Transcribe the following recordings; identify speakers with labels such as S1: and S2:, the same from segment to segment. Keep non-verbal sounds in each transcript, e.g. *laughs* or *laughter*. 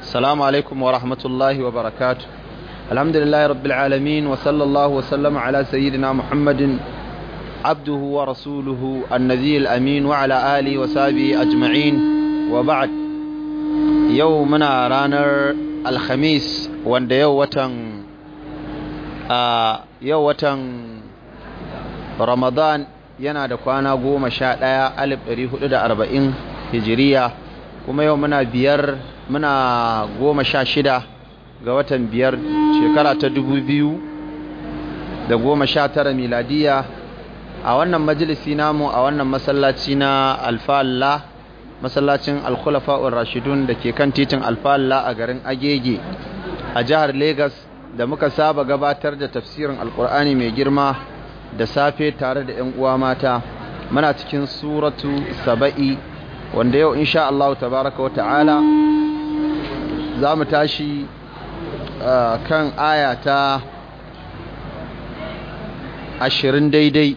S1: السلام عليكم ورحمة الله وبركاته الحمد لله رب العالمين وصلى الله وسلم على سيدنا محمد عبده ورسوله النبي الأمين وعلى آله وصحبه أجمعين وبعد يومنا رانر الخميس وان يو وتن يو وتن رمضان yana da kwana goma sha ɗaya alif ɗari hudu da arba'in hijiriya kuma yau muna biyar muna goma sha shida ga watan biyar shekara ta dubu biyu da goma sha tara miladiya a wannan majalisi namu a wannan masallaci na alfa'alla masallacin alkhulafa'ur rashidun da ke kan titin alfa'alla a garin agege a jihar Legas da muka saba gabatar da tafsirin alkur'ani mai girma da safe tare da 'yan uwa mata muna cikin suratu saba'i wanda yau insha Allah tabaraka wa ta'ala za mu tashi kan aya ta ashirin daidai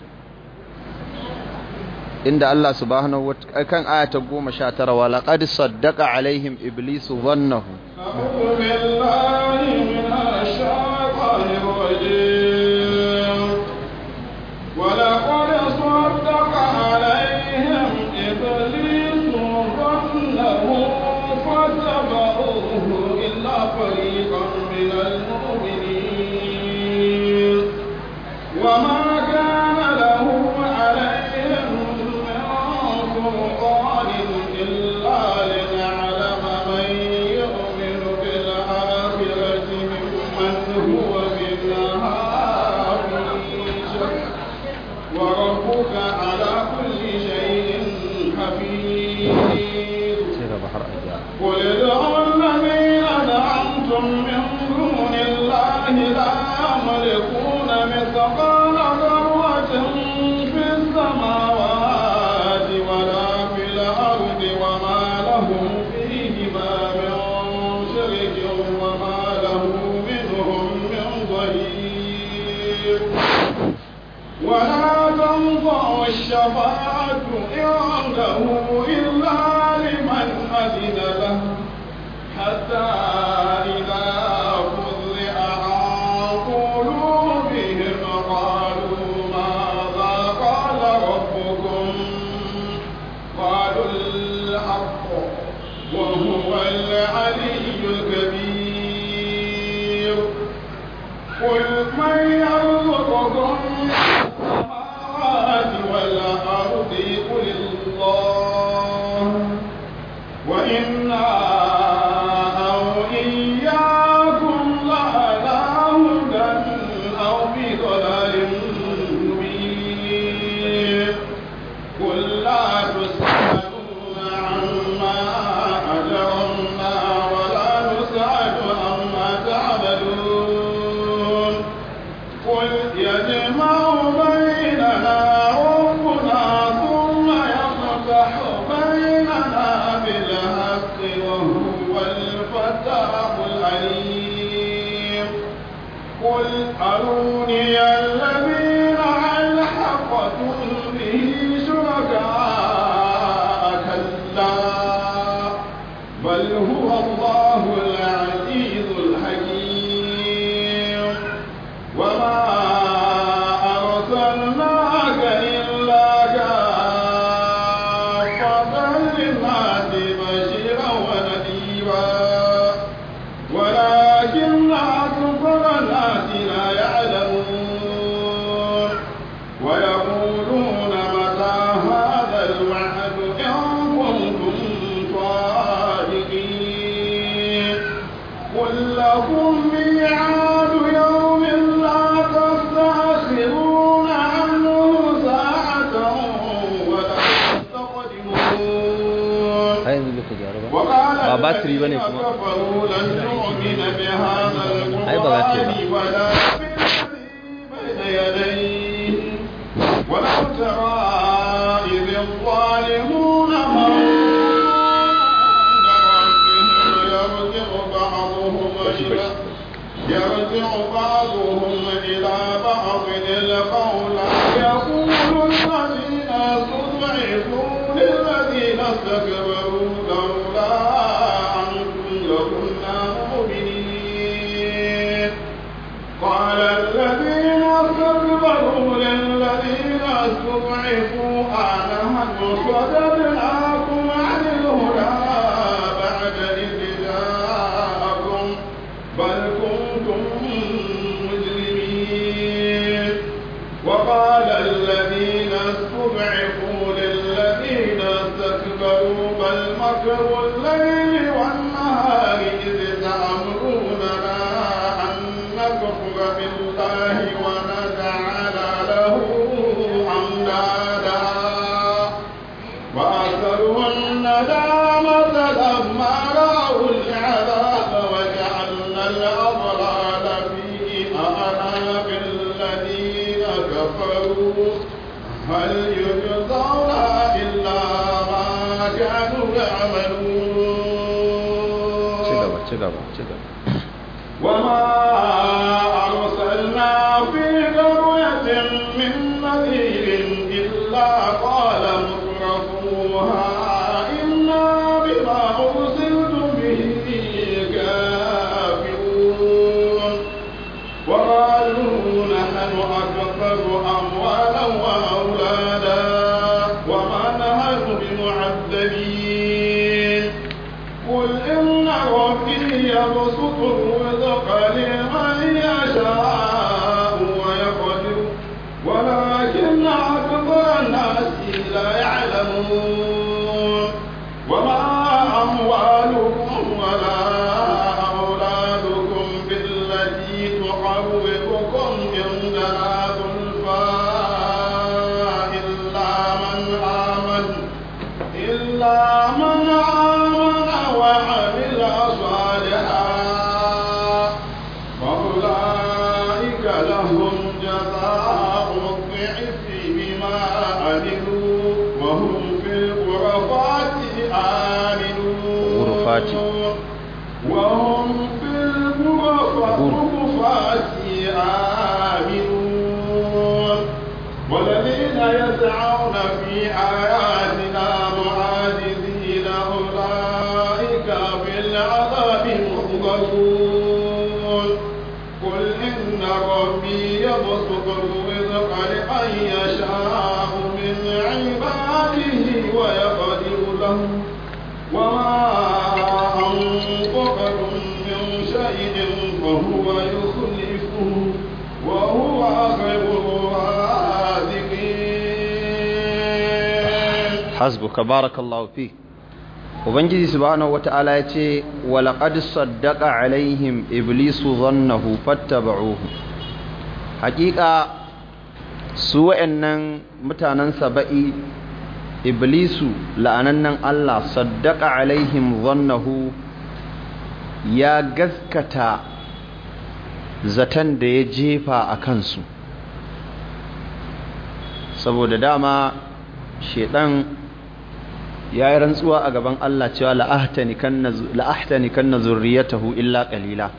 S1: inda Allah subhanahu wa kan aya ta goma sha tara wa laƙadisar saddaqa alaihim iblisu
S2: wannan even if فلما رأوا العذاب وجعلنا الأضلال في أعناق الذين كفروا هل يجزون إلا ما كانوا يعملون
S1: hasbuka barakallahu fi ubangiji subhanahu wata'ala ya ce walaqad saddaqa alaihim iblisu zannahu fattaba'uhu haƙiƙa su wa'annan mutanen saba'i iblisu la'anannan Allah saddaqa alaihim zannahu ya gaskata zaton da ya jefa a kansu saboda dama shedan ya yi rantsuwa a gaban Allah cewa la'ahtani kanna zurriyatahu illa ƙalila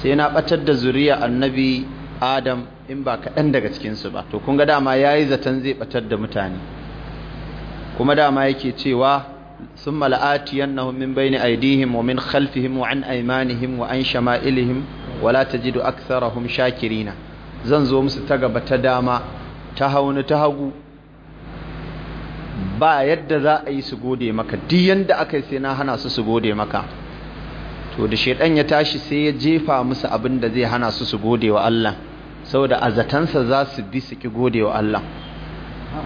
S1: sai na ɓatar da zuriya annabi Adam in ba kaɗan daga cikinsu ba to kun ga dama ya yi zaton zai ɓatar da mutane kuma dama yake cewa sun mala'ati yannahun min ni aidihim wa min khalfihim wa an aimanihim wa an shama'ilihim wala tajidu aktharahum shakirina zan zo musu ta gaba ta dama ta hauni ta hagu ba yadda za a yi su gode maka duk yadda aka yi sai na hana su su gode maka to da shaidan ya tashi sai ya jefa musu abin da zai hana su su gode wa Allah saboda azatansa za su bi su ki gode wa Allah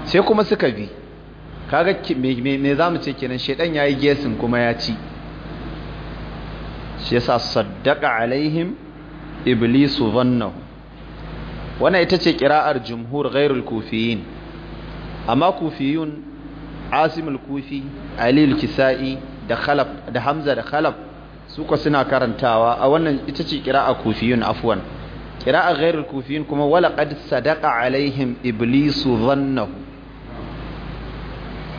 S1: sai kuma suka bi kaga me za mu ce kenan ya yayi gesin kuma ya ci shi yasa saddaqa alaihim iblisu dhannahu wannan ita ce kira'ar jumhur ghairul kufiyin amma kufiyun asim al-kufi ali al-kisai da khalaf da hamza da khalaf su ko suna karantawa a wannan ita ce qira'a kufiyun afwan qira'a ghairul kufiyun kuma wala qad sadaqa alaihim Iblis dhannahu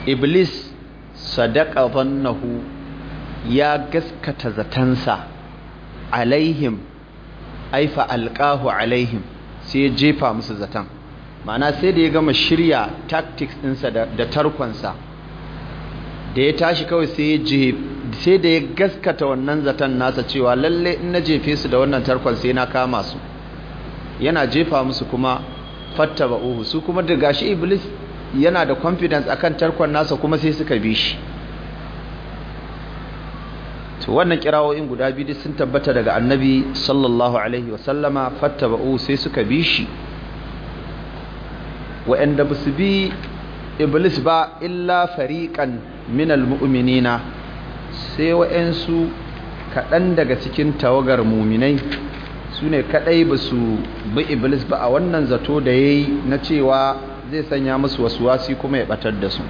S1: iblis sadaqa dhannahu ya gaskata zatansa alaihim fa alqahu alaihim sai jefa musu zatan ma'ana sai da ya gama shirya tactics ɗinsa da tarkonsa da ya tashi kawai sai da ya gaskata wannan zaton nasa cewa lalle in na jefe su da wannan tarkon sai na kama su yana jefa musu kuma fatta ba uhu su kuma da gashi iblis yana da confidence akan tarkon nasa kuma sai suka bi shi to wannan kirawoyin guda biyu sun tabbata daga annabi sallallahu alaihi wasallama fatta ba uhu sai suka bi shi wa'anda ba su bi iblis ba illa fariƙan minal mu'minina sai wa'ansu kaɗan daga cikin tawagar muminai su ne kaɗai ba su bi iblis ba a wannan zato da ya yi na cewa zai sanya musu wasu wasi kuma ya ɓatar da su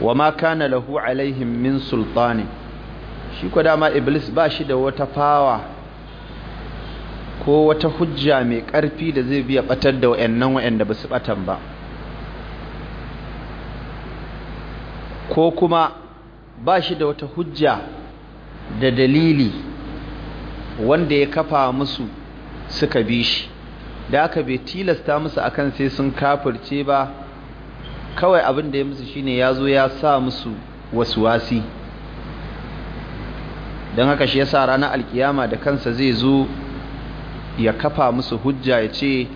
S1: wa ma kana lahu alaihim min sultani shi kwa dama iblis ba shi da wata fawa ko wata hujja mai ƙarfi da zai biya batar da wayannan waanda ba su batan ba ko kuma ba shi da wata hujja da dalili wanda ya kafa musu suka bi shi da aka bai tilasta musu akan sai sun kafirce ba kawai abin da ya musu shine ya zo ya sa musu wasu wasi don haka shi ya sa ranar alkiyama da kansa zai zo ya kafa musu hujja ya ce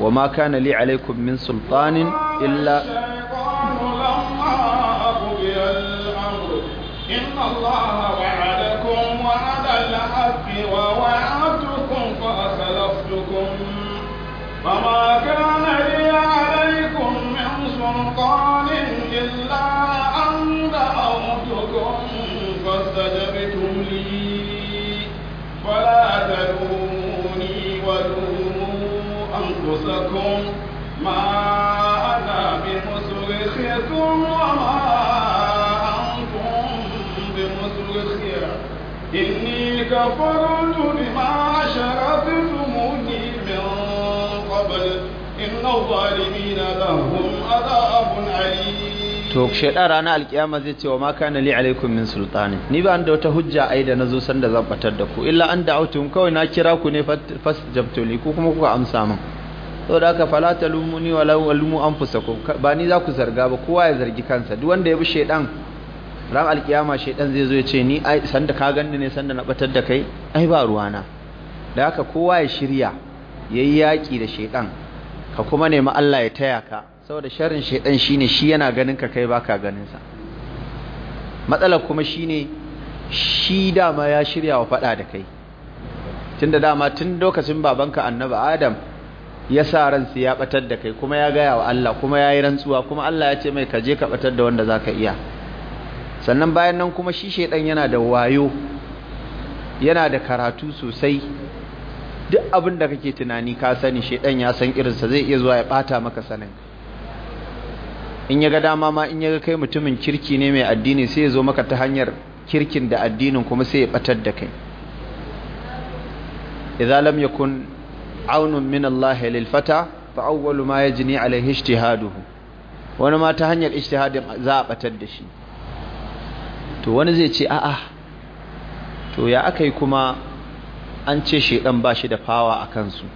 S1: wa ma kana li alaikum min sultanin illa
S2: كفرت بما أشركتموني من قبل إن الظالمين لهم عذاب أليم to ranar
S1: alkiyama zai ce wa ma kana li alaikum min sultani ni ba da wata hujja ai da nazo san da zan batar da ku illa an da'awtum kawai na kira ku ne fas jabtuli ku kuma kuka amsa min saboda haka fala talumuni wala walumu anfusakum ba ni za ku zarga ba kowa ya zargi kansa duk wanda ya bi shaidan ran alkiyama shaidan zai zo ya ce ni ai sanda ka gani ne sanda na batar da kai ai ba ruwana da haka kowa ya shirya yayi yaki da shaidan ka kuma nemi Allah ya taya ka saboda sharrin shaidan shine shi yana ganin ka kai baka ganin sa matsalar kuma shine shi dama ya shirya wa fada da kai tunda dama tun lokacin babanka annabi Adam ya sa ransa ya batar da kai kuma ya gaya wa Allah kuma yayi rantsuwa kuma Allah ya ce mai ka je ka batar da wanda zaka iya sannan bayan nan kuma shi shaidan yana da wayo yana da karatu sosai duk abin da kake tunani ka sani shaidan ya san irinsa zai iya zuwa ya bata maka sanin in ya ga dama ma in ya ga kai mutumin kirki ne mai addini sai ya zo maka ta hanyar kirkin da addinin kuma sai ya batar da kai idza lam yakun aunun min Allah lil fata fa awwalu ma yajni alaihi ijtihaduhu wani ma ta hanyar ijtihadin za a batar da shi to wani zai ce a'a to ya aka yi kuma an ce shaidan ba shi da fawa a kansu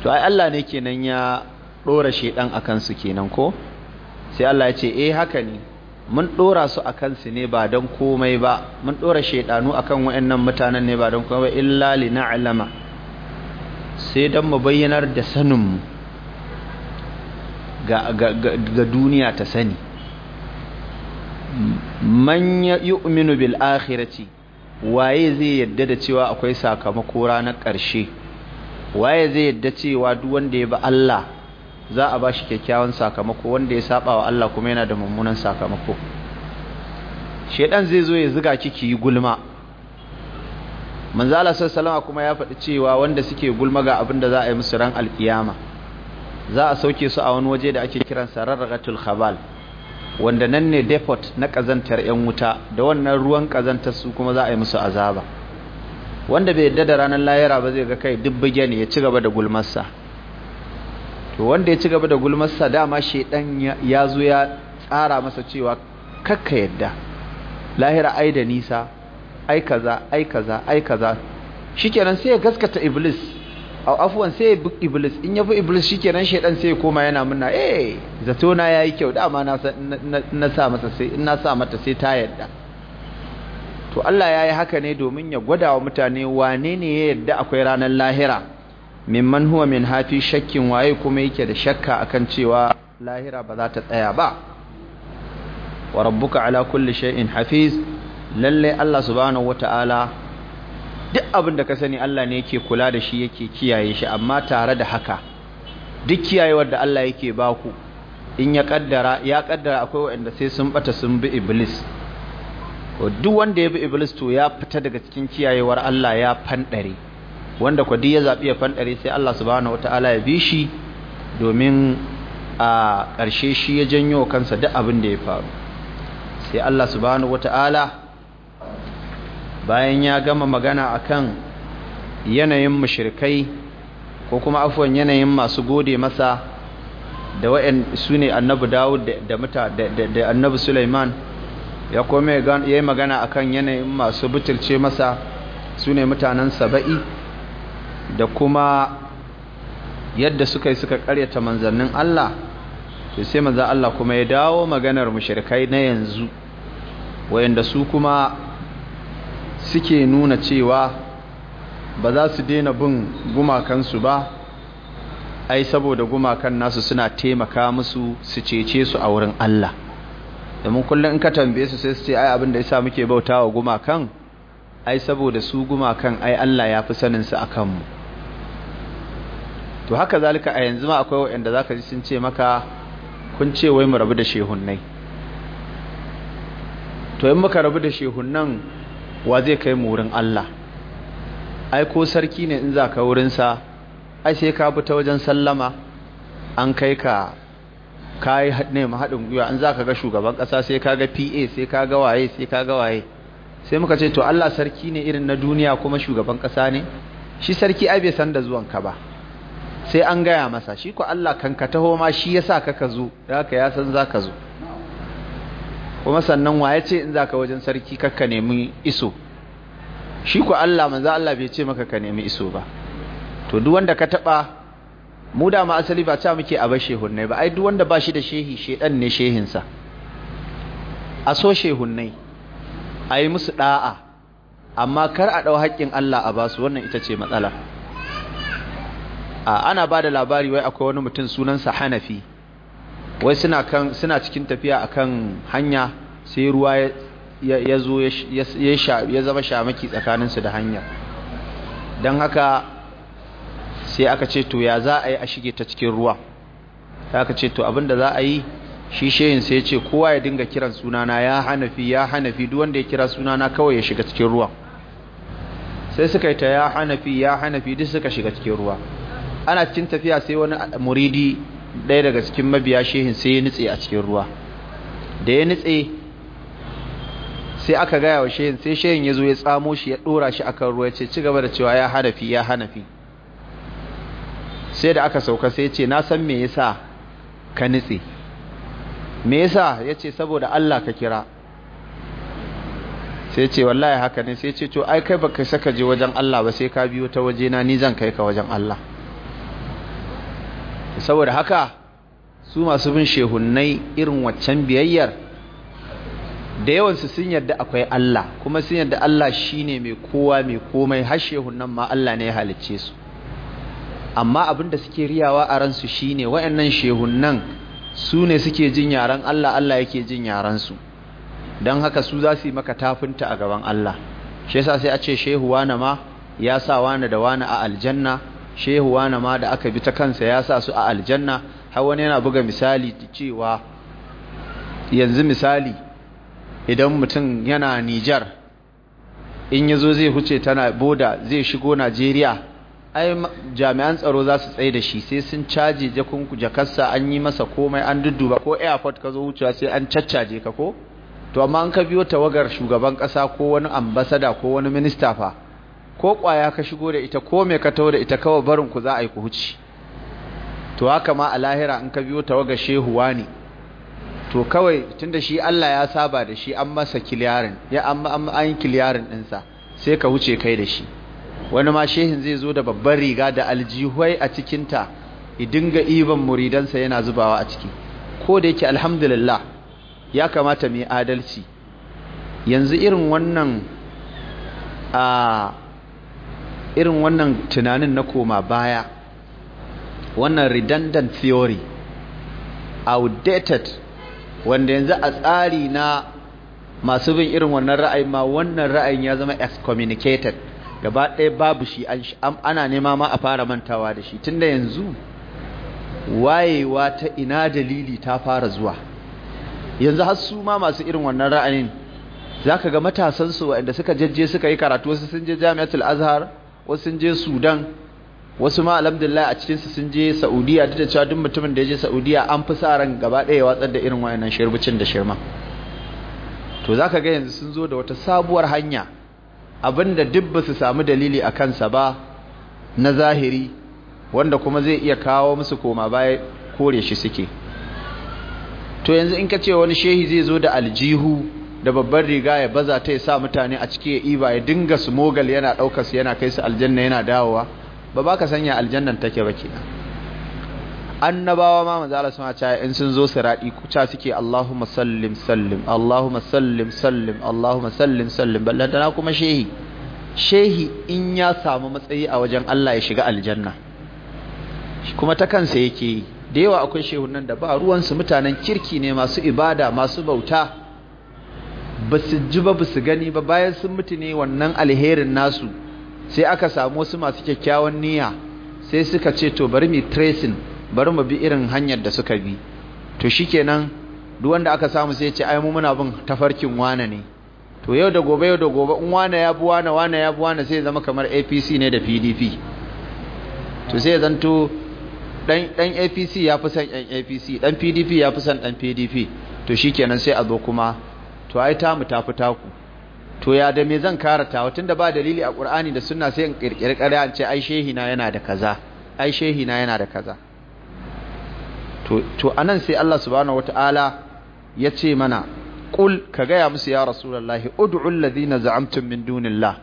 S1: to ai Allah ne kenan ya dora shaidan a kansu kenan ko sai Allah ya ce eh haka ne mun dora su a kansu ne ba don komai ba mun dora shaidanu akan wayannan mutanen ne ba don komai ba illa li na'lama sai don mu bayyanar da sanin mu ga duniya ta sani man ya yu'minu bil akhirati waye zai yadda da cewa akwai sakamako ranar ƙarshe waye zai yadda cewa duk wanda ya ba Allah za a bashi kyakkyawan sakamako wanda ya saba wa Allah kuma yana da mummunan sakamako shedan zai zo ya zuga kiki yi gulma manzo Allah sallallahu kuma ya faɗi cewa wanda suke gulma ga abin da za a yi musu ran alkiyama za a sauke su a wani waje da ake kiransa rarragatul khabal wanda nan ne depot na kazantar yan wuta da wannan ruwan kazantar su kuma za a yi musu azaba wanda bai yadda da ranar layara ba zai ga kai dubbige ne ya ci gaba da gulmarsa to wanda ya ci gaba da gulmarsa dama shedan ya zo ya tsara masa cewa kakka yadda lahira ai da nisa ai kaza ai kaza ai kaza shikenan sai ya gaskata iblis a afuwan sai ya bi iblis in ya fi iblis shikenan shaidan sai ya koma yana muna eh zato na yi kyau dama na sa mata sai ta yadda to Allah ya yi haka ne domin ya gwada wa mutane wane ne ya yadda akwai ranar lahira man huwa min hafi shakkin waye kuma yake da shakka akan cewa lahira ba za ta tsaya ba wa rabbuka ala kulli shay'in hafiz lalle Allah subhanahu wataala duk abin da ka sani Allah ne yake kula da shi yake kiyaye shi amma tare da haka duk kiyayewar da Allah yake ba ku in ya kaddara ya kaddara akwai waɗanda sai sun bata sun bi iblis duk wanda ya bi iblis to ya fita daga cikin kiyayewar Allah ya fandare wanda ko duk ya zabi ya fandare sai Allah subhanahu wataala ya bi shi domin a ƙarshe shi ya janyo kansa duk abin da ya faru sai Allah subhanahu wataala bayan ya gama magana akan yanayin mushrikai ko kuma afwan yanayin masu gode masa da wa'in su ne annabi Dawud da muta da annabi suleiman ya kome yi magana akan yanayin masu butulce masa su ne mutanen Saba'i da kuma yadda suka yi suka karyata manzannin Allah to sai maza Allah kuma ya dawo maganar mushrikai na yanzu wayanda su kuma suke nuna cewa ba za su daina bin gumakansu ba ai saboda gumakan nasu suna taimaka musu su cece su a wurin Allah domin kullum in ka tambaye su sai su ce ai abin da yasa muke bautawa gumakan ai saboda su gumakan ai Allah ya fi sanin su akan mu to haka zalika a yanzu ma akwai wanda zaka ji sun ce maka kun ce wai mu rabu da shehunnai to in muka rabu da shehunnan wa zai kai mu wurin Allah ai ko sarki ne in za ka wurinsa ai sai ka bi ta wajen sallama an kai ka kai ne haɗin gwiwa an za ka ga shugaban ƙasa sai ka ga pa sai ka ga waye sai ka ga waye sai muka ce to Allah sarki ne irin na duniya kuma shugaban ƙasa ne shi sarki ai bai san da zuwanka ba sai an gaya masa shi ko Allah kanka taho ma shi yasa ka ka zo da ya san za ka zo kuma sannan wa ya ce in za ka wajen sarki kakka nemi iso shi ku Allah manza Allah bai ce maka ka nemi iso ba to duk wanda ka taba mu da ma asali ba ta muke a bashe hunnai ba ai duk wanda ba shi da shehi shedan ne shehinsa a so shehunnai a yi musu da'a amma kar a ɗau hakkin Allah a basu wannan ita ce matsala ana ba da labari wai akwai wani mutum sunansa hanafi wai suna cikin tafiya a kan hanya sai ruwa ya zo ya zama shamaki tsakaninsu da hanya don haka sai aka ce to ya za a yi a shige ta cikin ruwa ta aka ce to abinda za a yi shi shehin sai ce kowa ya dinga kiran sunana ya hanafi ya hanafi duwanda ya kira sunana kawai ya shiga cikin ruwa sai suka yi ta ya hanafi ya hanafi duk suka shiga cikin ruwa ana cikin tafiya sai wani muridi ɗaya daga cikin mabiya shehin sai ya nutse a cikin ruwa da ya nutse sai aka gaya wa shehin sai shehin ya zo ya tsamo shi ya ɗora shi akan ruwa ya ce ci gaba da cewa ya hanafi ya hanafi sai da aka sauka sai ya ce na san me yasa ka nutse me yasa ya ce saboda Allah ka kira sai ce wallahi haka ne sai ce to ai kai baka saka je wajen Allah ba sai ka biyo ta wajena ni zan kai ka wajen Allah saboda haka su masu bin shehunnai irin waccan biyayyar da yawansu sun yarda akwai Allah kuma sun yarda Allah shine mai kowa mai komai har shehunnan ma Allah ne ya halicce su amma abinda suke riyawa a ransu shine wayannan shehunnan su ne suke jin yaran Allah Allah yake jin yaran su don haka su za su yi maka tafinta a gaban Allah shi sai a ce shehu wane ma ya sa wane da wane a aljanna shehu wani ma da aka bi ta kansa ya sa su a aljanna har wani yana buga misali cewa yanzu misali idan mutum yana nijar in ya zo zai huce tana boda zai shigo najeriya ai jami'an tsaro za su tsaye da shi sai sun caje jakunku jakarsa an yi masa komai an dudduba ko airport ka zo wucewa sai an caccaje ka ko to amma an ka biyo tawagar shugaban kasa ko wani ambasada ko wani minista fa ko kwaya ka shigo da ita ko mai ka da ita kawai barin ku za a yi ku huci to haka ma a lahira in ka biyo tawaga shehuwa ne to kawai tunda shi Allah ya saba da shi an masa kiliyarin ya an yi kiliyarin ɗinsa sai ka huce kai da shi wani ma shehin zai zo da babbar riga da aljihuwai a cikinta dinga iban muridansa yana zubawa a ciki ko da yake alhamdulillah ya kamata mu adalci yanzu irin wannan a ah, irin wannan tunanin na koma baya wannan redundant theory outdated wanda yanzu a tsari na masu bin irin wannan ra'ayin ma wannan ra'ayin ya zama excommunicated gaba ɗaya babu shi ana nema ma a fara mantawa da shi tunda yanzu wayewa ta ina dalili ta fara zuwa yanzu har su ma masu irin wannan ra'ayin zaka ga matasansu waɗanda suka jajje suka yi karatu wasu sun je jami'atul azhar wasu je sudan wasu ma alhamdulillah a cikinsu sun je saudiya duk da cewa duk mutumin da ya je saudiya an fi sa ran gaba ɗaya watsar da irin wayannan shirbicin da shirma to za ka ga yanzu sun zo da wata sabuwar hanya abinda duk ba su samu dalili a kansa ba na zahiri wanda kuma zai iya kawo musu koma baya kore shi suke to yanzu in ka ce wani shehi zai zo da aljihu da babban riga ya baza ta ya sa mutane a ciki ya iba ya dinga su mogal yana ɗaukar yana kai su aljanna yana dawowa ba ba ka sanya aljannan take ba kenan annabawa ma manzo Allah sama in sun zo su ku ca suke Allahumma sallim sallim Allahumma sallim sallim Allahumma sallim sallim na kuma shehi shehi in ya samu matsayi a wajen Allah ya shiga aljanna kuma ta kansa yake yi da yawa akwai shehunan da ba ruwansu mutanen kirki ne masu ibada masu bauta ba su ji ba su gani ba bayan sun mutu ne wannan alherin nasu sai aka samu wasu masu kyakkyawan niyya sai suka ce to bari mu tracing bari mu bi irin hanyar da suka bi to shikenan duk wanda aka samu sai ce ai mu muna bin tafarkin wane ne to yau da gobe yau da gobe in wane ya bi wane wane ya bi wane sai zama kamar APC ne da PDP to sai zanto dan dan APC ya fi son dan APC dan PDP ya fi son dan PDP to shikenan sai a zo kuma to ai ta mu tafi taku to ya da me zan karata wa tunda ba dalili a Qur'ani da Sunna sai in kirkiri ƙarya an ce ai shehi na yana da kaza ai shehi na yana da kaza to to anan sai Allah subhanahu wataala ya ce mana kul ka gaya musu ya rasulullahi ud'u alladhina za'amtum min dunillah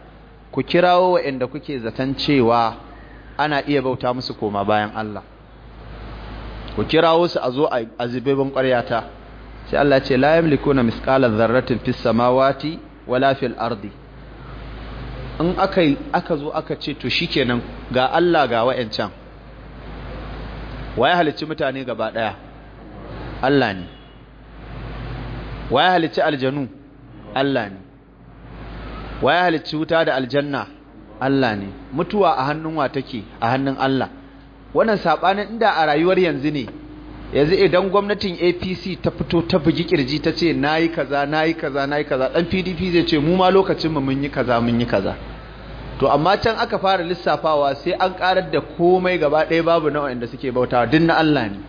S1: ku kirawo wa'anda kuke zatan cewa ana iya bauta musu koma bayan Allah ku kirawo su a zo a zibebin ƙaryata sai Allah ce la yamlikuna misqala dharratin fis samawati wala fil ardi in aka aka zo aka ce to shikenan ga Allah ga wayancan waye halicci mutane gaba daya Allah ne waye halicci aljanu Allah ne waye halicci wuta da aljanna Allah ne mutuwa a hannun wa take a hannun Allah wannan sabanin inda a rayuwar yanzu ne yanzu idan gwamnatin apc ta fito ta bugi kirji ta ce na yi kaza na yi kaza na yi kaza ɗan pdp zai ce mu ma mu mun yi kaza mun yi kaza to amma can aka fara lissafawa sai an karar da komai gaba ɗaya babu na wanda suke bautawa din na Allah ne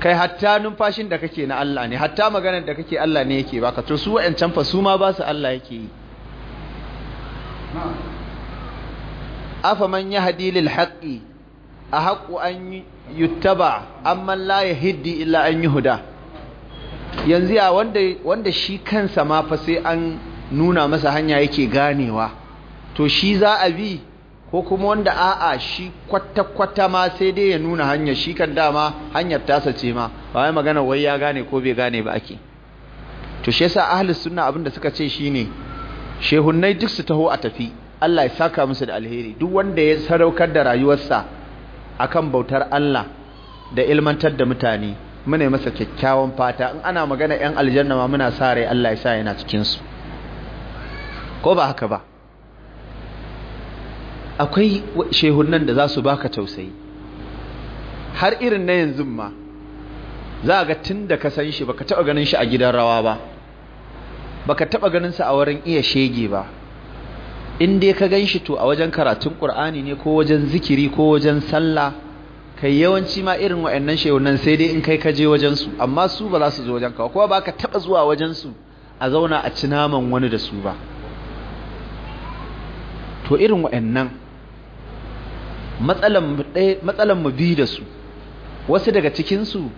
S1: kai hatta numfashin da kake na Allah ne hatta maganar da kake Allah ne yake baka to su waɗancan fa su ma ba su Allah yake yi afaman yahdi lil haqqi أحق an yuttaba أما la yahdi illa yi yuhda yanzu ya wanda wanda shi kansa ma fa sai an nuna masa hanya yake ganewa to shi za a bi ko kuma wanda a'a shi kwata-kwata ma sai dai ya nuna hanya, shi kan dama hanyar tasa ce ma ba wai magana wai ya gane ko bai gane ba ake to shi yasa ahlus sunna abinda suka ce shine shehunnai duk su taho a tafi Allah ya saka musu da alheri duk wanda ya sadaukar da rayuwarsa akan bautar Allah da ilmantar da mutane muna yi masa kyakkyawan fata in ana magana yan aljanna ma muna sa rai Allah ya sa yana cikinsu ko ba haka ba akwai shehunan da za su baka tausayi har irin na yanzu ma za ga tun da ka san shi baka taɓa ganin shi a gidan rawa ba baka taɓa ganin sa a wurin iya shege ba in dai ka gan shi to a wajen karatun ƙur'ani ne ko wajen zikiri ko wajen sallah kai yawanci ma irin wa'annan shehunan sai dai in kai ka je wajen su amma su ba za su zo wajen ka kuma ba ka taɓa zuwa wajen su a zauna a ci naman wani da su ba to irin wa'annan matsalan mu bi da su wasu daga cikin su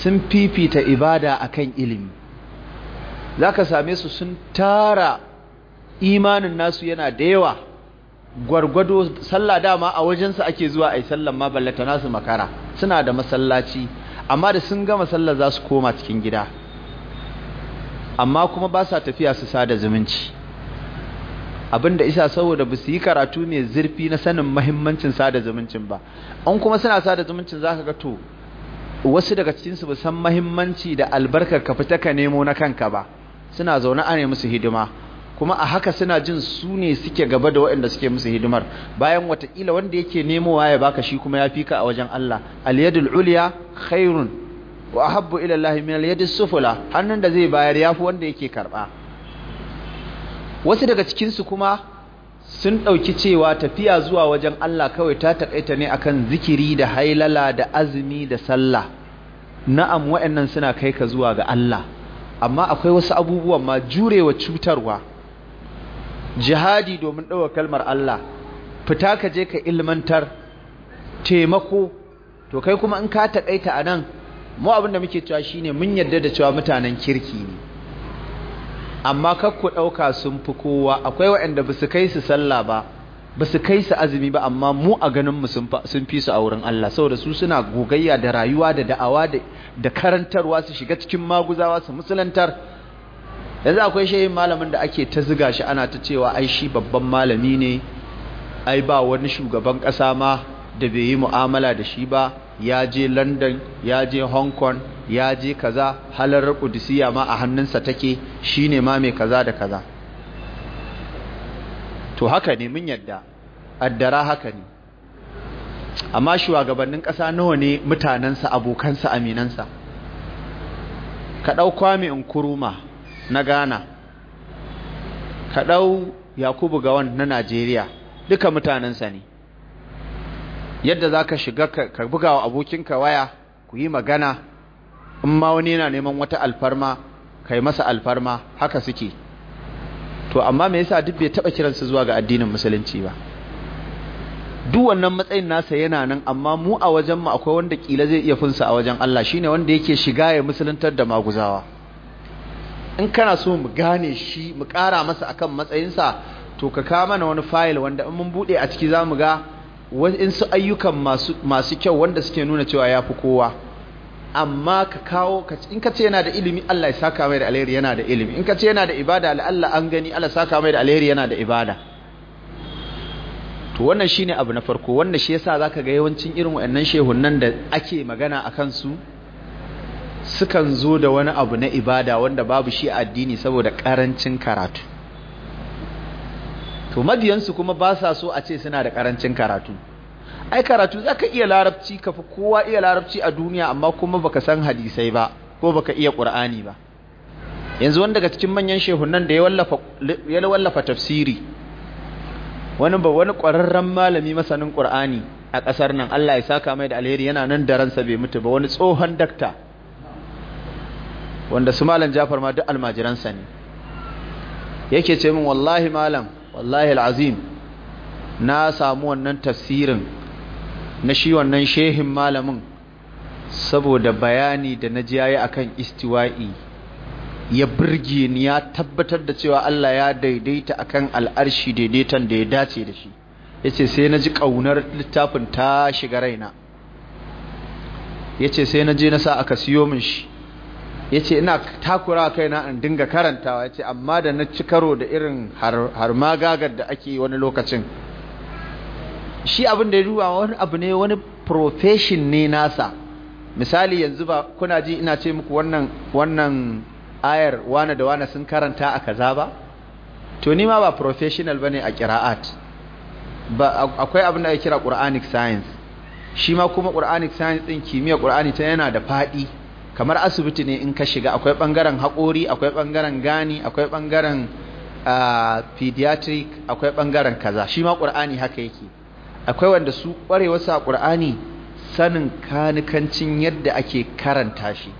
S1: sun fifita ibada akan ilimi zaka same su sun tara imanin nasu yana da yawa gwargwado sallah dama a wajensu ake zuwa ai sallan ma ballata nasu makara suna da masallaci amma da sun gama sallar za su koma cikin gida amma kuma ba sa tafiya su sada zumunci abinda isa saboda ba su yi karatu mai zurfi na sanin mahimmancin sada zumuncin ba an kuma suna sada zumuncin za ka ga to wasu daga cikinsu ba san mahimmanci da albarkar ka fita ka nemo na kanka ba suna zaune a ne musu hidima kuma a haka suna jin su ne suke gaba da waɗanda suke musu hidimar bayan watakila wanda yake nemowa ya baka shi kuma ya ka a wajen Allah al-yadul ulya khairun wa ahabbu ila Allah min al sufula hannun da zai bayar yafi wanda yake karba wasu daga cikin su kuma sun dauki cewa tafiya zuwa wajen Allah kawai ta takaita ne akan zikiri da hailala da azumi da sallah na'am waɗannan suna kai ka zuwa ga Allah amma akwai wasu abubuwan ma jurewa cutarwa jihadi domin ɗaukar kalmar Allah fita ka je ka ilmantar taimako to kai kuma in ka taƙaita a nan mu abin da muke cewa shine mun yarda da cewa mutanen kirki ne amma kakku ɗauka sun fi kowa akwai waɗanda ba su kai su sallah ba ba su kai su azumi ba amma mu a ganinmu sun fi su a wurin Allah saboda su suna gogayya da rayuwa da da'awa da karantarwa su shiga cikin maguzawa su musulantar yanzu akwai shehin malamin da ake ta ziga shi ana ta cewa ai shi babban malami ne ai ba wani shugaban ƙasa ma da bai yi mu'amala da shi ba ya je london ya je hong kong ya je kaza halarar kudisiya ma a hannunsa take shi ne ma mai kaza da kaza to haka ne mun yadda addara haka ne amma shugabannin ƙasa nawa ne mutanensa abokansa aminansa ka ɗau kwami in kuruma na Ghana ka ɗau Yakubu Gawan na Najeriya duka mutanensa ne yadda za ka shiga ka buga wa abokinka waya ku yi magana in ma wani yana neman wata alfarma ka yi masa alfarma haka suke to amma me yasa duk bai taɓa kiransu zuwa ga addinin musulunci ba duk wannan matsayin nasa yana nan amma mu a wajenmu akwai wanda ƙila zai iya funsa a wajen Allah shine wanda yake shiga ya musuluntar da maguzawa in kana so mu gane shi mu ƙara masa akan matsayinsa to ka kama mana wani fayil wanda in mun bude a ciki za mu ga wasu ayyukan masu kyau wanda suke nuna cewa ya fi kowa amma ka kawo in ka ce yana da ilimi Allah ya saka mai da alheri yana da ilimi in ka ce yana da ibada Allah an gani Allah saka mai da alheri yana da ibada to wannan shine abu na farko wannan shi yasa zaka ga yawancin irin waɗannan shehunnan da ake magana akan su sukan zo da wani abu na ibada wanda babu shi addini saboda karancin karatu to mabiyansu kuma ba sa so a ce suna da karancin karatu ai karatu zaka iya larabci kafi kowa iya larabci a duniya amma kuma baka san hadisai ba ko baka iya qur'ani ba yanzu wani daga cikin manyan nan da ya wallafa ya wallafa tafsiri wani ba wani ƙwararren malami masanin qur'ani a ƙasar nan Allah ya saka mai da alheri yana nan da ransa bai mutu ba wani tsohon dakta wanda su malam jafar ma duk almajiransa ne yake ce min wallahi malam wallahi al'azim na samu wannan tafsirin na shi wannan shehin malamin saboda bayani da na ji yi akan istiwa'i ya birge ni ya tabbatar da cewa Allah ya daidaita akan al'arshi daidaitan da ya dace da shi yace sai na ji kaunar littafin ta shiga raina yace sai na je na sa aka siyo min shi ya ce ina takura kaina in dinga karantawa ya ce amma da na ci karo da irin har magagar da ake wani lokacin shi abin da ya duba wani abu ne wani profession ne nasa misali yanzu ba kuna ji ina ce muku wannan wannan ayar wane da wane sun karanta a kaza ba to ni ma ba professional bane a qira'at ba akwai abin da ake kira quranic science shi ma kuma quranic science din kimiyya qur'ani ta yana da fadi kamar asibiti ne in ka shiga akwai bangaren haƙori akwai bangaren gani akwai bangaren pediatric akwai bangaren kaza shi ma ƙur'ani haka yake akwai wanda su kwarewa a ƙur'ani sanin kanikancin yadda ake karanta shi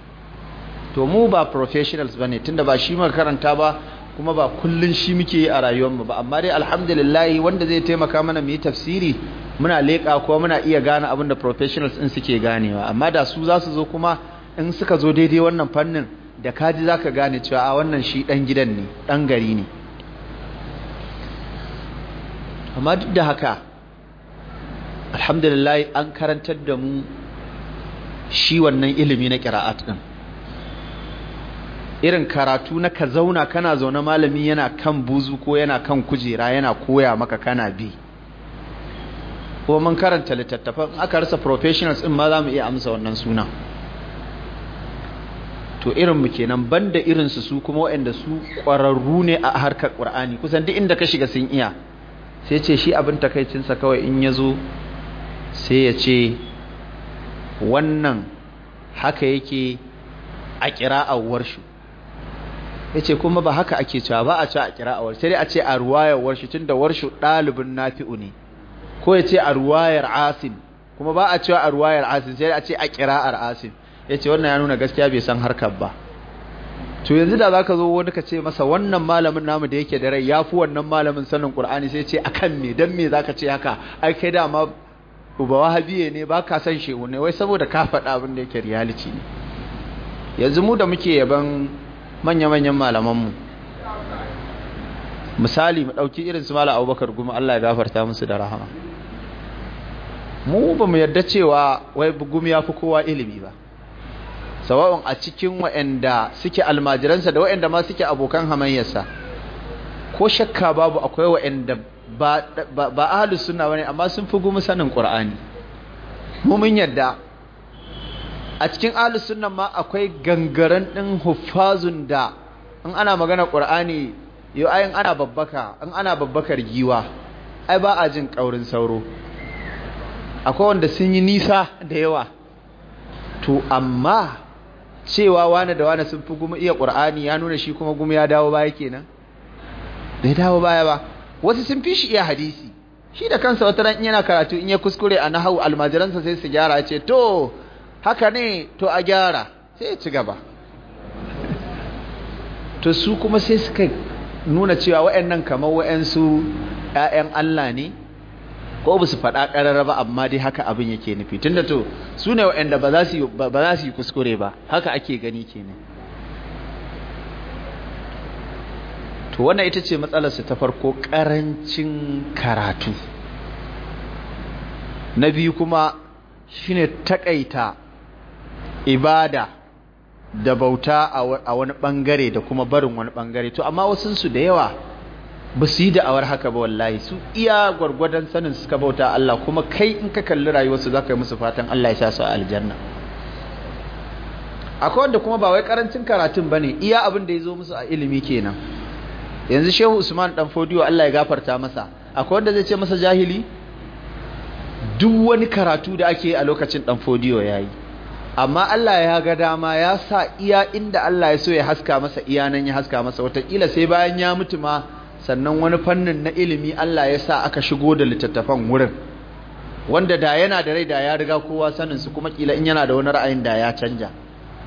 S1: to mu ba professionals ba ne tunda ba shi ma karanta ba kuma ba kullun shi muke a rayuwar mu ba amma dai alhamdulillah wanda zai taimaka mana mu yi tafsiri muna leƙa ko muna iya gane abin da professionals ɗin suke ganewa amma da su za su zo kuma in suka zo daidai wannan fannin da kaji za ka gane cewa a wannan shi ɗan gidan ne ɗan gari ne amma duk da haka alhamdulillah an karantar da mu shi wannan ilimi na ƙira'at ɗin irin karatu na ka zauna kana zaune malami yana kan buzu ko yana kan kujera yana koya maka kana bi ko mun karanta littattafan aka rasa professionals in ma za mu iya amsa wannan suna to irin mu kenan banda irinsu su kuma waɗanda su ƙwararru ne a harkar ƙur'ani kusan duk inda ka shiga sun iya sai ce shi abin takaicinsa kawai in ya zo sai ya ce wannan haka yake a ƙira'awar shi ya ce kuma ba haka ake cewa ba a cewa a ƙira'awar sai dai a ce a ruwayar warshi tun da warshi ɗalibin nafi'u ne ko ya ce a ruwayar asim kuma ba a cewa a ruwayar asim sai dai a ce a ƙira'ar asim ya ce wannan ya nuna gaskiya bai san harkar ba to yanzu da za ka zo wani ka ce masa wannan malamin namu da yake da rai ya fi wannan malamin sanin ƙur'ani sai ce akan me dan me ka ce haka ai kai da ma uba wahabiye ne ba ka san shehu ne wai saboda ka faɗa abin da yake reality ne yanzu mu da muke yaban manya-manyan malaman misali mu ɗauki irin su malam Abubakar Guma Allah ya gafarta musu da rahama mu ba mu yarda cewa wai gumi ya fi kowa ilimi ba sawa'un a cikin waɗanda suke almajiransa da waɗanda ma suke abokan hamayyarsa ko shakka babu akwai waɗanda ba ahalus suna wani amma sun fi gumi sanin ƙura'ani mumin yadda a cikin ahalus suna ma akwai gangaren ɗin hufazun da in ana magana ƙur'ani yau ayin ana babbaka in ana babbakar giwa ai ba a jin ƙaurin sauro akwai wanda sun yi nisa da yawa to amma cewa wane da wane sun fi gumi iya ƙur'ani ya nuna shi kuma gumi ya dawo baya kenan bai dawo baya ba wasu sun fi shi iya hadisi shi da kansa wata ran yana karatu in ya kuskure a nahau almajiransa sai su gyara ce to haka ne to a gyara sai ya ci gaba to su kuma sai suka nuna cewa wa'annan kamar wa'ansu 'ya'yan Allah ne ko ba su faɗa ƙarara ba amma dai haka abin yake nufi tunda to su ne waɗanda ba za su yi kuskure ba haka ake gani ke ne. to wannan ita ce matsalar su ta farko ƙarancin karatu na biyu kuma shine takaita ibada da bauta a wani bangare da kuma barin wani bangare to amma su da yawa ba su yi da'awar haka ba wallahi su iya gwargwadon sanin suka bauta Allah kuma kai in ka kalli rayuwarsu za ka yi musu fatan Allah ya sa su a aljanna akwai wanda kuma ba wai karancin karatun ba ne iya abin da ya zo musu a ilimi kenan yanzu shehu usman dan fodiyo Allah ya gafarta masa akwai wanda zai ce masa jahili duk wani karatu da ake a lokacin dan fodiyo yayi amma Allah ya ga dama ya sa iya inda Allah ya so ya haska masa iya nan ya haska masa watakila sai bayan ya mutu ma sannan wani fannin na ilimi Allah ya sa aka shigo da littattafan wurin wanda da yana da rai da ya riga kowa sanin su kuma kila in yana da wani ra'ayin da ya canja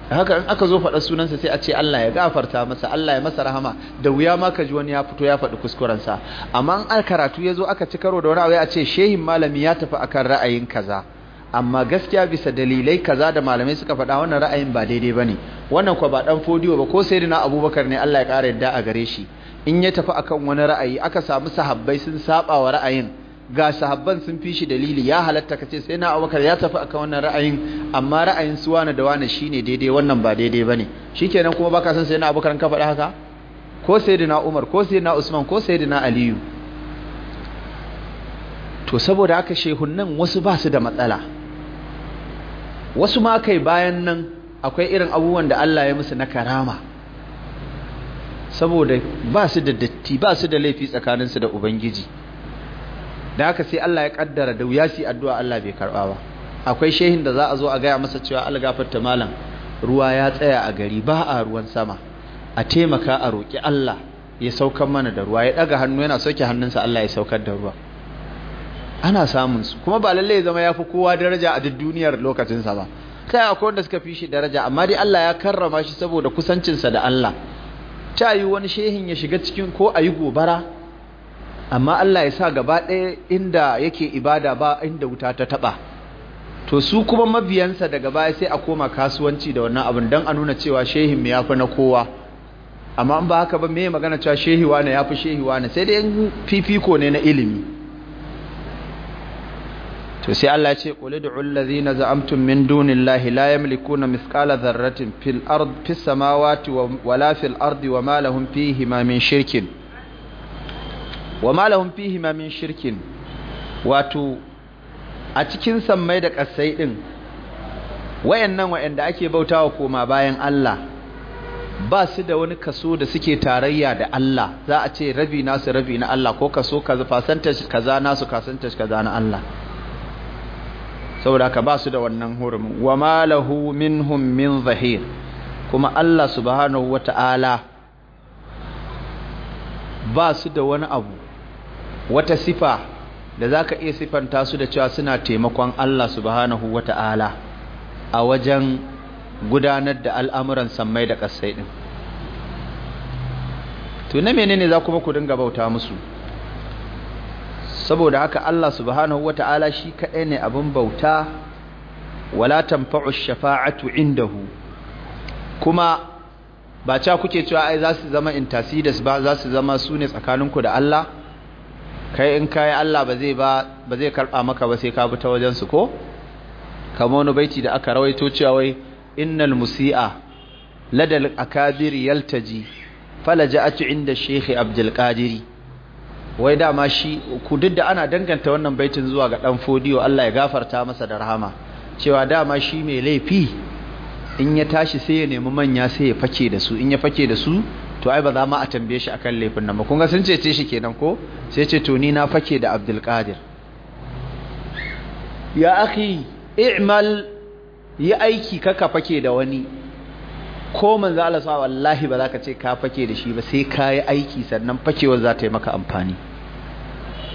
S1: haka in aka zo faɗa sunansa sai a ce Allah ya gafarta masa Allah ya masa rahama da wuya ma ka ji wani ya fito ya faɗi kuskurensa amma in al karatu ya zo aka ci karo da wani abu ya ce shehin malami ya tafi akan ra'ayin kaza amma gaskiya bisa dalilai kaza da malamai suka faɗa wannan ra'ayin ba daidai bane wannan kwa ba dan fodiyo ba ko sai sayyidina Abubakar ne Allah ya ƙara yadda a gare shi in ya tafi akan wani ra'ayi aka samu sahabbai sun saba wa ra'ayin ga sahabban sun fi shi dalili ya halatta kace sai na Abubakar ya tafi akan wannan ra'ayin amma ra'ayin su wani da wani shine daidai wannan ba daidai bane shikenan kuma baka san sai na Abubakar ka faɗa haka ko sayyidina Umar ko sayyidina Usman ko sayyidina Aliyu to saboda haka shehun nan wasu ba su da matsala wasu ma kai bayan nan akwai irin abubuwan da Allah ya musu na karama saboda ba su da datti ba su da laifi tsakaninsu da ubangiji da haka sai Allah ya kaddara da wuya su addu'a Allah bai karba ba akwai shehin da za a zo a gaya masa cewa algafarta malam ruwa ya tsaya a gari ba a ruwan sama a taimaka a roƙi Allah ya saukar mana da ruwa ya daga hannu yana sauke hannunsa Allah ya saukar da ruwa ana samun su kuma ba lalle ya zama ya fi kowa daraja a duk duniyar lokacin sa ba sai akwai wanda suka fi shi daraja amma dai Allah ya karrama shi saboda kusancinsa da Allah ta yi wani shehin ya shiga cikin ko a yi gobara amma Allah ya sa gaba ɗaya inda yake ibada ba inda wuta ta taɓa to su kuma mabiyansa daga baya sai a koma kasuwanci da wannan abin don a nuna cewa shehin ya fi na kowa amma in ba haka ba me magana cewa shehi wane ya fi shehi wane sai dai fifiko ne na ilimi to sai Allah ce qul ud'u allazina za'amtum min dunillahi la yamlikuna mithqala dharratin fil ard fis samawati fil lahum fihi ma min shirkin lahum fihi ma min shirkin wato a cikin sammai da kasai din wayannan wayanda ake bautawa koma bayan Allah ba su da wani kaso da suke tarayya da Allah za a ce rabi nasu rabi na Allah ko kaso kaza percentage kaza nasu percentage kaza na Allah saboda ka ba su da wannan hurumin wa malahu minhum min zahir kuma Allah subhanahu wata'ala ba su da wani abu wata sifa da za ka iya sifanta su da cewa suna taimakon Allah subhanahu wata'ala a wajen gudanar da al'amuran sammai da ƙasai ɗin. to na menene za kuma ku dinga bauta musu saboda haka Allah subhanahu wa ta'ala shi kaɗai ne abin bauta wala tanfa'u shafa'atu indahu kuma ba ca kuke cewa ai za su zama intercedes ba za su zama su ne tsakaninku da Allah kai in kayi Allah ba zai ba karba maka ba sai ka bi ta wajen su ko kamar wani baiti da aka rawaito cewa wai innal musi'a ladal akabir yaltaji falaja'atu inda shaykh abdul qadiri wai dama shi ku duk da ana danganta wannan baitin zuwa ga dan fodiyo Allah ya gafarta masa da rahama cewa dama shi mai laifi in ya tashi sai ya nemi manya sai ya fake da su in ya fake da su to ai ba za ma a tambaye shi akan laifin nan ba kun ga sun cece shi kenan ko sai ce to ni na fake da Abdul Qadir ya akhi i'mal yi aiki kaka fake da wani ko manzo Allah sa wallahi ba za ka ce ka fake da shi ba sai ka yi aiki sannan fakewar za ta yi maka amfani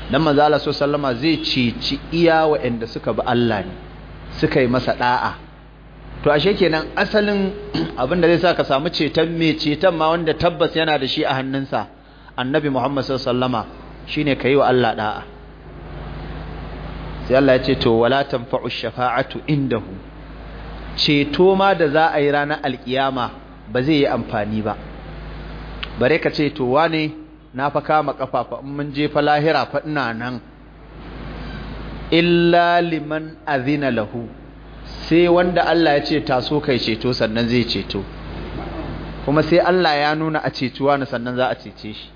S1: dan manzo Allah sallama zai ceci iya waɗanda suka bi Allah ne suka yi masa da'a to ashe kenan asalin *clears throat* abin da zai sa ka samu ceton mai ceton ma wanda tabbas yana da shi a hannunsa annabi Muhammad sallama shine kai wa Allah da'a sai Allah ya ce to wala tanfa'u shafa'atu indahu ceto ma da za a yi ranar alkiyama ba zai yi amfani ba bare ka ce to wane na fa kama kafafa in mun je fa lahira fa ina nan illa liman azina lahu sai wanda Allah ya ce taso kai ceto sannan zai ceto kuma sai Allah ya nuna a cetuwa na sannan za a cece shi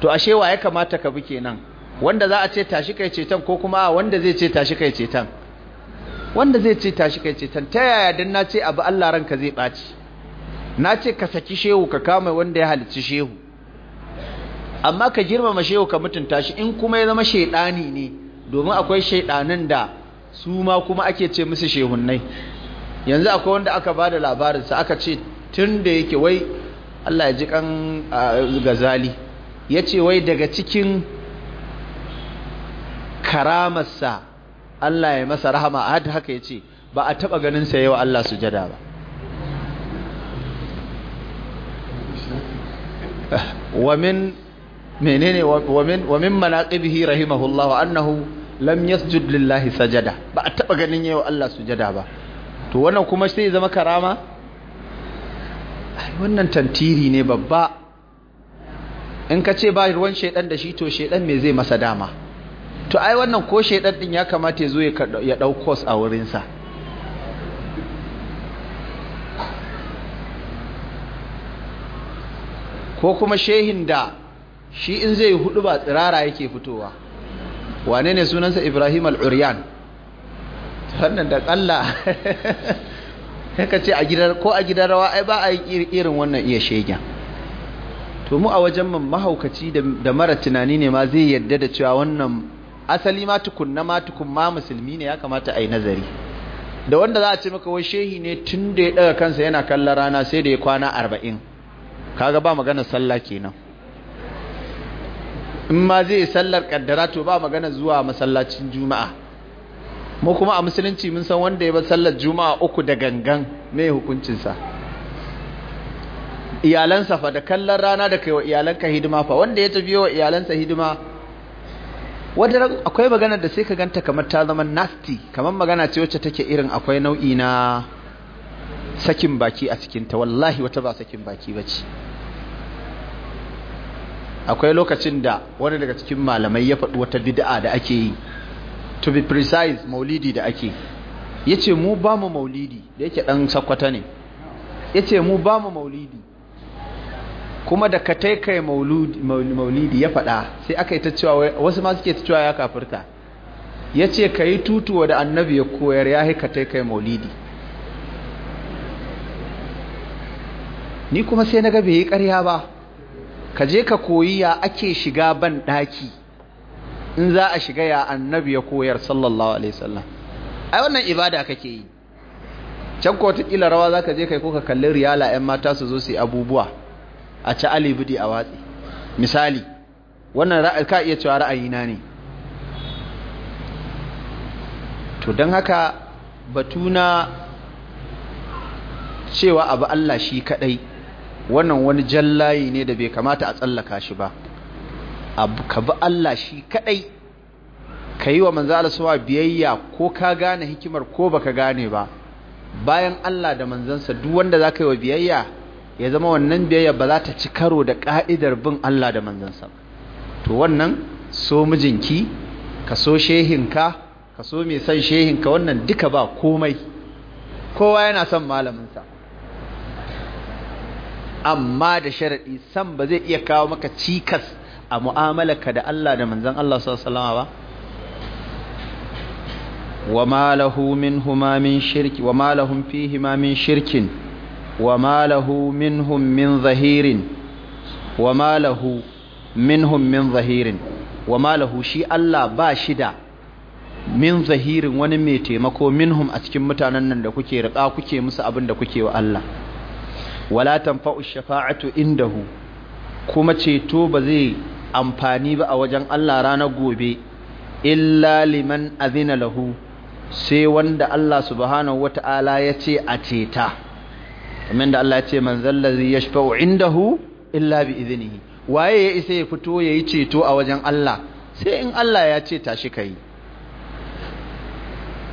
S1: to ashe wa ya kamata ka bi kenan wanda za a ce tashi kai ceton ko kuma wanda zai ce tashi kai ceton wanda zai ce tashi kai ceton ta yaya dan na ce abu Allah ranka zai ɓaci na ce ka saki shehu ka kama wanda ya halicci shehu amma ka girmama shehu ka mutunta shi in kuma ya zama shaidani ne domin akwai shaidanin da su ma kuma ake ce musu shehunnai yanzu akwai wanda aka ba da labarinsa aka ce tun da yake wai Allah ya ji kan gazali ya ce wai daga cikin karamarsa Allah ya masa rahama hada haka ya ce ba a taɓa ganinsa yawa Allah su jada ba *laughs* wa min menene wa min manaqibihi rahimahullah annahu lam yasjud lillahi sajada ba a taba ganin yayin Allah sujada ba to wannan kuma sai zama karama wannan tantiri ne babba in ka ce ba ruwan shedan da shi to shedan me zai masa dama to ai wannan ko shedan din ya kamata ya zo ya dau course a wurin sa ko kuma shehin da shi in zai hudu ba tsirara yake fitowa wane ne sunansa ibrahim al'uriyan wannan da Allah *laughs* haka ce ko a gidan rawa ai ba a yi irin wannan iya shegen to mu a wajen man mahaukaci da mara tunani ne ma zai yadda da cewa wannan asali ma tukunna ma tukun ma musulmi ne ya kamata a yi nazari da wanda za a ce maka wai shehi ne tun da ya daga kansa yana kallon rana sai da ya kwana arba'in kaga ba maganar sallah kenan in ma zai sallar kaddara to ba magana zuwa masallacin juma'a mu kuma a musulunci mun san wanda ya bar sallar juma'a uku da gangan mai hukuncinsa iyalansa fa da kallon rana da kai wa iyalanka hidima fa wanda ya tafi wa iyalansa hidima wadda akwai magana da sai ka ganta kamar ta zama nasti kamar magana ce wacce take irin akwai nau'i na sakin baki a cikinta wallahi wata ba sakin baki ba ce akwai lokacin da wani daga cikin malamai ya faɗi wata bid'a da ake yi to be precise maulidi da ake ya ce mu ba mu maulidi da yake ɗan sakwata ne ya ce mu ba mu maulidi kuma da ka kai maulidi ya faɗa sai aka yi ta cewa wasu ma suke ta cewa ya kafirta ya ce ka yi tutuwa da annabi ya koyar ya haika kai maulidi ni kuma sai na ga bai yi ƙarya ba ka je ka koyi ya ake shiga ban ɗaki in za a shiga ya annabi ya koyar sallallahu alaihi wasallam ai wannan ibada kake yi can ko wataƙila rawa za ka je kai ko ka kalli riyala 'yan mata su zo su yi abubuwa a ci alibidi a watsi misali wannan ka iya cewa ra'ayina ne to don haka batuna cewa abu Allah shi kaɗai wannan wani jallayi ne da bai kamata a tsallaka shi ba ka bi Allah shi kadai ka yi wa Manza suwa biyayya ko ka gane hikimar ko baka gane ba bayan Allah da manzansa duk wanda za ka yi wa biyayya ya zama wannan biyayya ba za ta ci karo da ka'idar bin Allah da manzansa to wannan so mijinki ka so shehinka ka so mai son ka. wannan duka ba komai kowa yana son malaminsa amma da sharaɗi san ba zai iya kawo maka cikas a mu'amalaka da Allah da manzan Allah sallama ba wa ma lahu minhum min shirki wa ma lahum fihi ma min shirkin wa malahu minhum min zahirin wa malahu minhum min zahirin wa malahu shi Allah ba shi da min zahirin wani mai taimako minhum a cikin mutanen nan da kuke riƙa kuke musu abin da kuke wa Allah wala tanfa'u shafa'atu indahu kuma ceto ba zai amfani ba a wajen Allah ranar gobe illa liman azina lahu sai wanda Allah subhanahu wata'ala ya ce a ceta kamar da Allah ya ce man zallazi yashfa'u indahu illa bi iznihi waye ya isa ya fito yayi ceto a wajen Allah sai in Allah ya ce tashi kai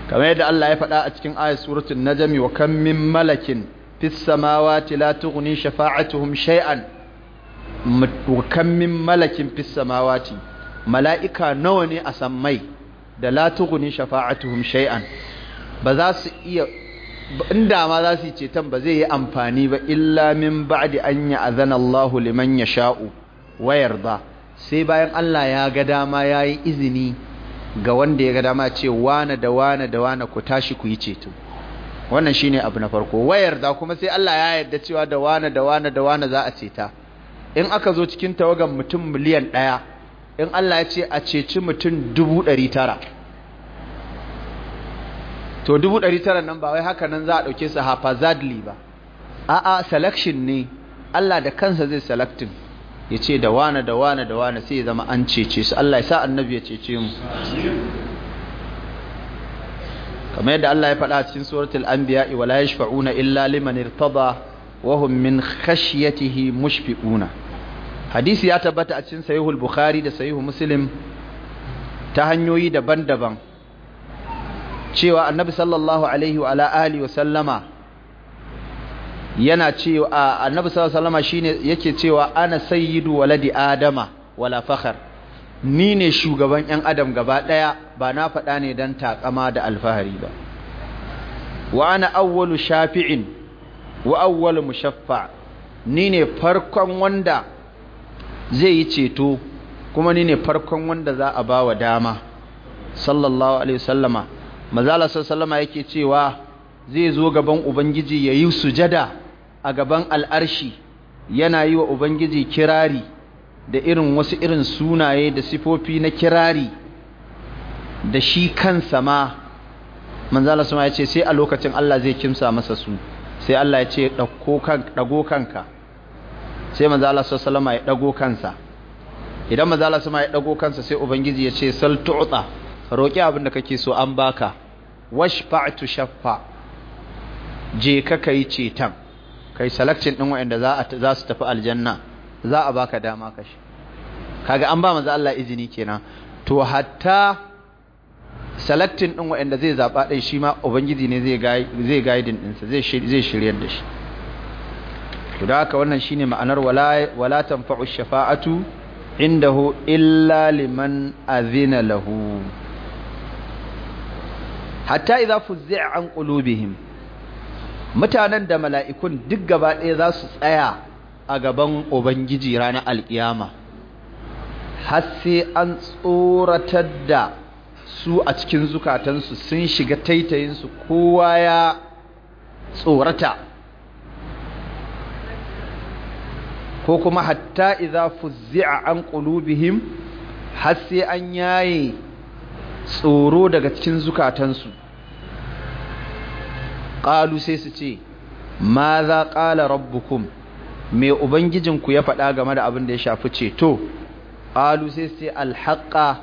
S1: kamar yadda Allah ya faɗa a cikin ayat suratul najmi wa kam min malakin في السماوات لا تغني شفاعتهم شيئا وكم من ملك في السماوات ملائكة نوني أسمي da la tughni shafa'atuhum shay'an ba za su iya inda ma za su ce tan ba zai yi amfani ba illa min ba'di an ya'zana Allahu liman yasha'u wa yarda sai bayan Allah ya ga dama yayi izini ga wanda ya ga dama ce wana da wana da wana ku tashi ku yi ceto wannan shine abu na farko wayar da kuma sai Allah ya yarda cewa da wane da wane da wane za a ceta in aka zo cikin tawagan mutum miliyan ɗaya in Allah ya ce a ceci mutum dubu to dubu nan ba wai haka nan za a ɗauke su zadli ba a'a selection ne Allah da kansa zai selectin ya ce da wane da wane da wane sai ya zama an cece su Allah ya sa annabi ya cece mu kamar yadda Allah ya faɗa cikin suratul anbiya wa la yashfa'una illa liman irtada wa hum min khashyatihi mushfiquna hadisi ya tabbata a cikin sahihul bukhari da sahihu muslim ta hanyoyi daban-daban cewa annabi sallallahu alaihi wa ala alihi wa sallama yana cewa annabi sallallahu alaihi wa sallama shine yake cewa ana sayyidu waladi adama wala fakhar ni ne shugaban 'yan adam gaba ɗaya ba na faɗa ne don taƙama da alfahari ba wa ana awwalu shafi'in wa awwalu mushaffa ni ne farkon wanda zai yi ceto kuma ni ne farkon wanda za a ba wa dama sallallahu alaihi wasallama mazala sallama yake cewa zai zo gaban ubangiji ya yi sujada a gaban al'arshi yana yi wa ubangiji kirari da irin wasu irin sunaye da sifofi na kirari da shi kansa ma manzala sama ya ce sai a lokacin Allah zai kimsa masa su sai Allah ya ce ɗago kanka sai manzala salama ya ɗago kansa idan manzala sama ya ɗago kansa sai ubangiji ya ce sal tu'ta roƙi abin da kake so an baka washfa'tu shaffa je ka kai ceton kai selection din waɗanda za su tafi aljanna za a baka dama kashi kaga an ba manzo Allah izini kenan to hatta selectin din waɗanda zai zaba dai shi ma ubangiji ne zai zai guiding din sa zai zai shiryar da shi to da haka wannan shine ma'anar wala wala tanfa'u shafa'atu indahu illa liman azina lahu hatta idza fuzzi'a an qulubihim mutanen da mala'ikun duk gaba ɗaya za su tsaya a gaban ubangiji ranar alkiyama har sai an tsoratar da su a cikin zukatansu sun shiga taitayinsu kowa ya tsorata ko kuma hatta iza fuzzi'a an ƙulubihim har sai an yaye tsoro daga cikin zukatansu Ƙalu sai su ce ma za ƙala rabbukum Ubangijin ubangijinku ya faɗa game da abin da ya shafi ceto ƙalu sai sai alhaƙa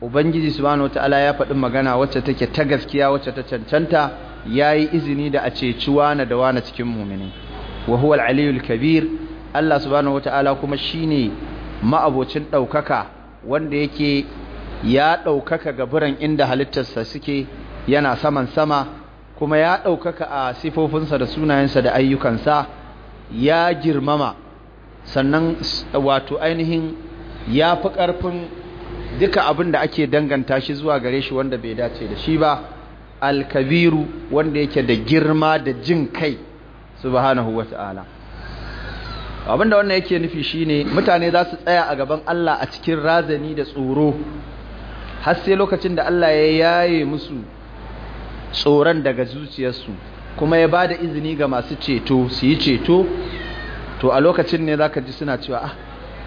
S1: ubangiji subhanahu ta'ala ya faɗi magana wacce take ta gaskiya wacce ta cancanta yayi izini da a ceci wana da wana cikin mu'mini wa huwa aliyul kabir Allah subhanahu wataala kuma shine ma'abocin ɗaukaka wanda yake ya ɗaukaka ga gaburan inda halittarsa suke yana saman sama kuma ya ɗaukaka a sifofinsa da sunayensa da ayyukansa ya girmama sannan wato ainihin ya fi ƙarfin duka abin da ake danganta shi zuwa gare shi wanda bai dace da shi ba alkabiru wanda yake da girma da jin kai subhanahu ta'ala abin da wannan yake nufi shine mutane za su tsaya a gaban Allah a cikin razani da tsoro har sai lokacin da Allah ya yaye musu tsoron daga zuciyarsu kuma ya bada izini ga masu ceto su yi ceto to a lokacin ne za ka ji suna cewa a, ah,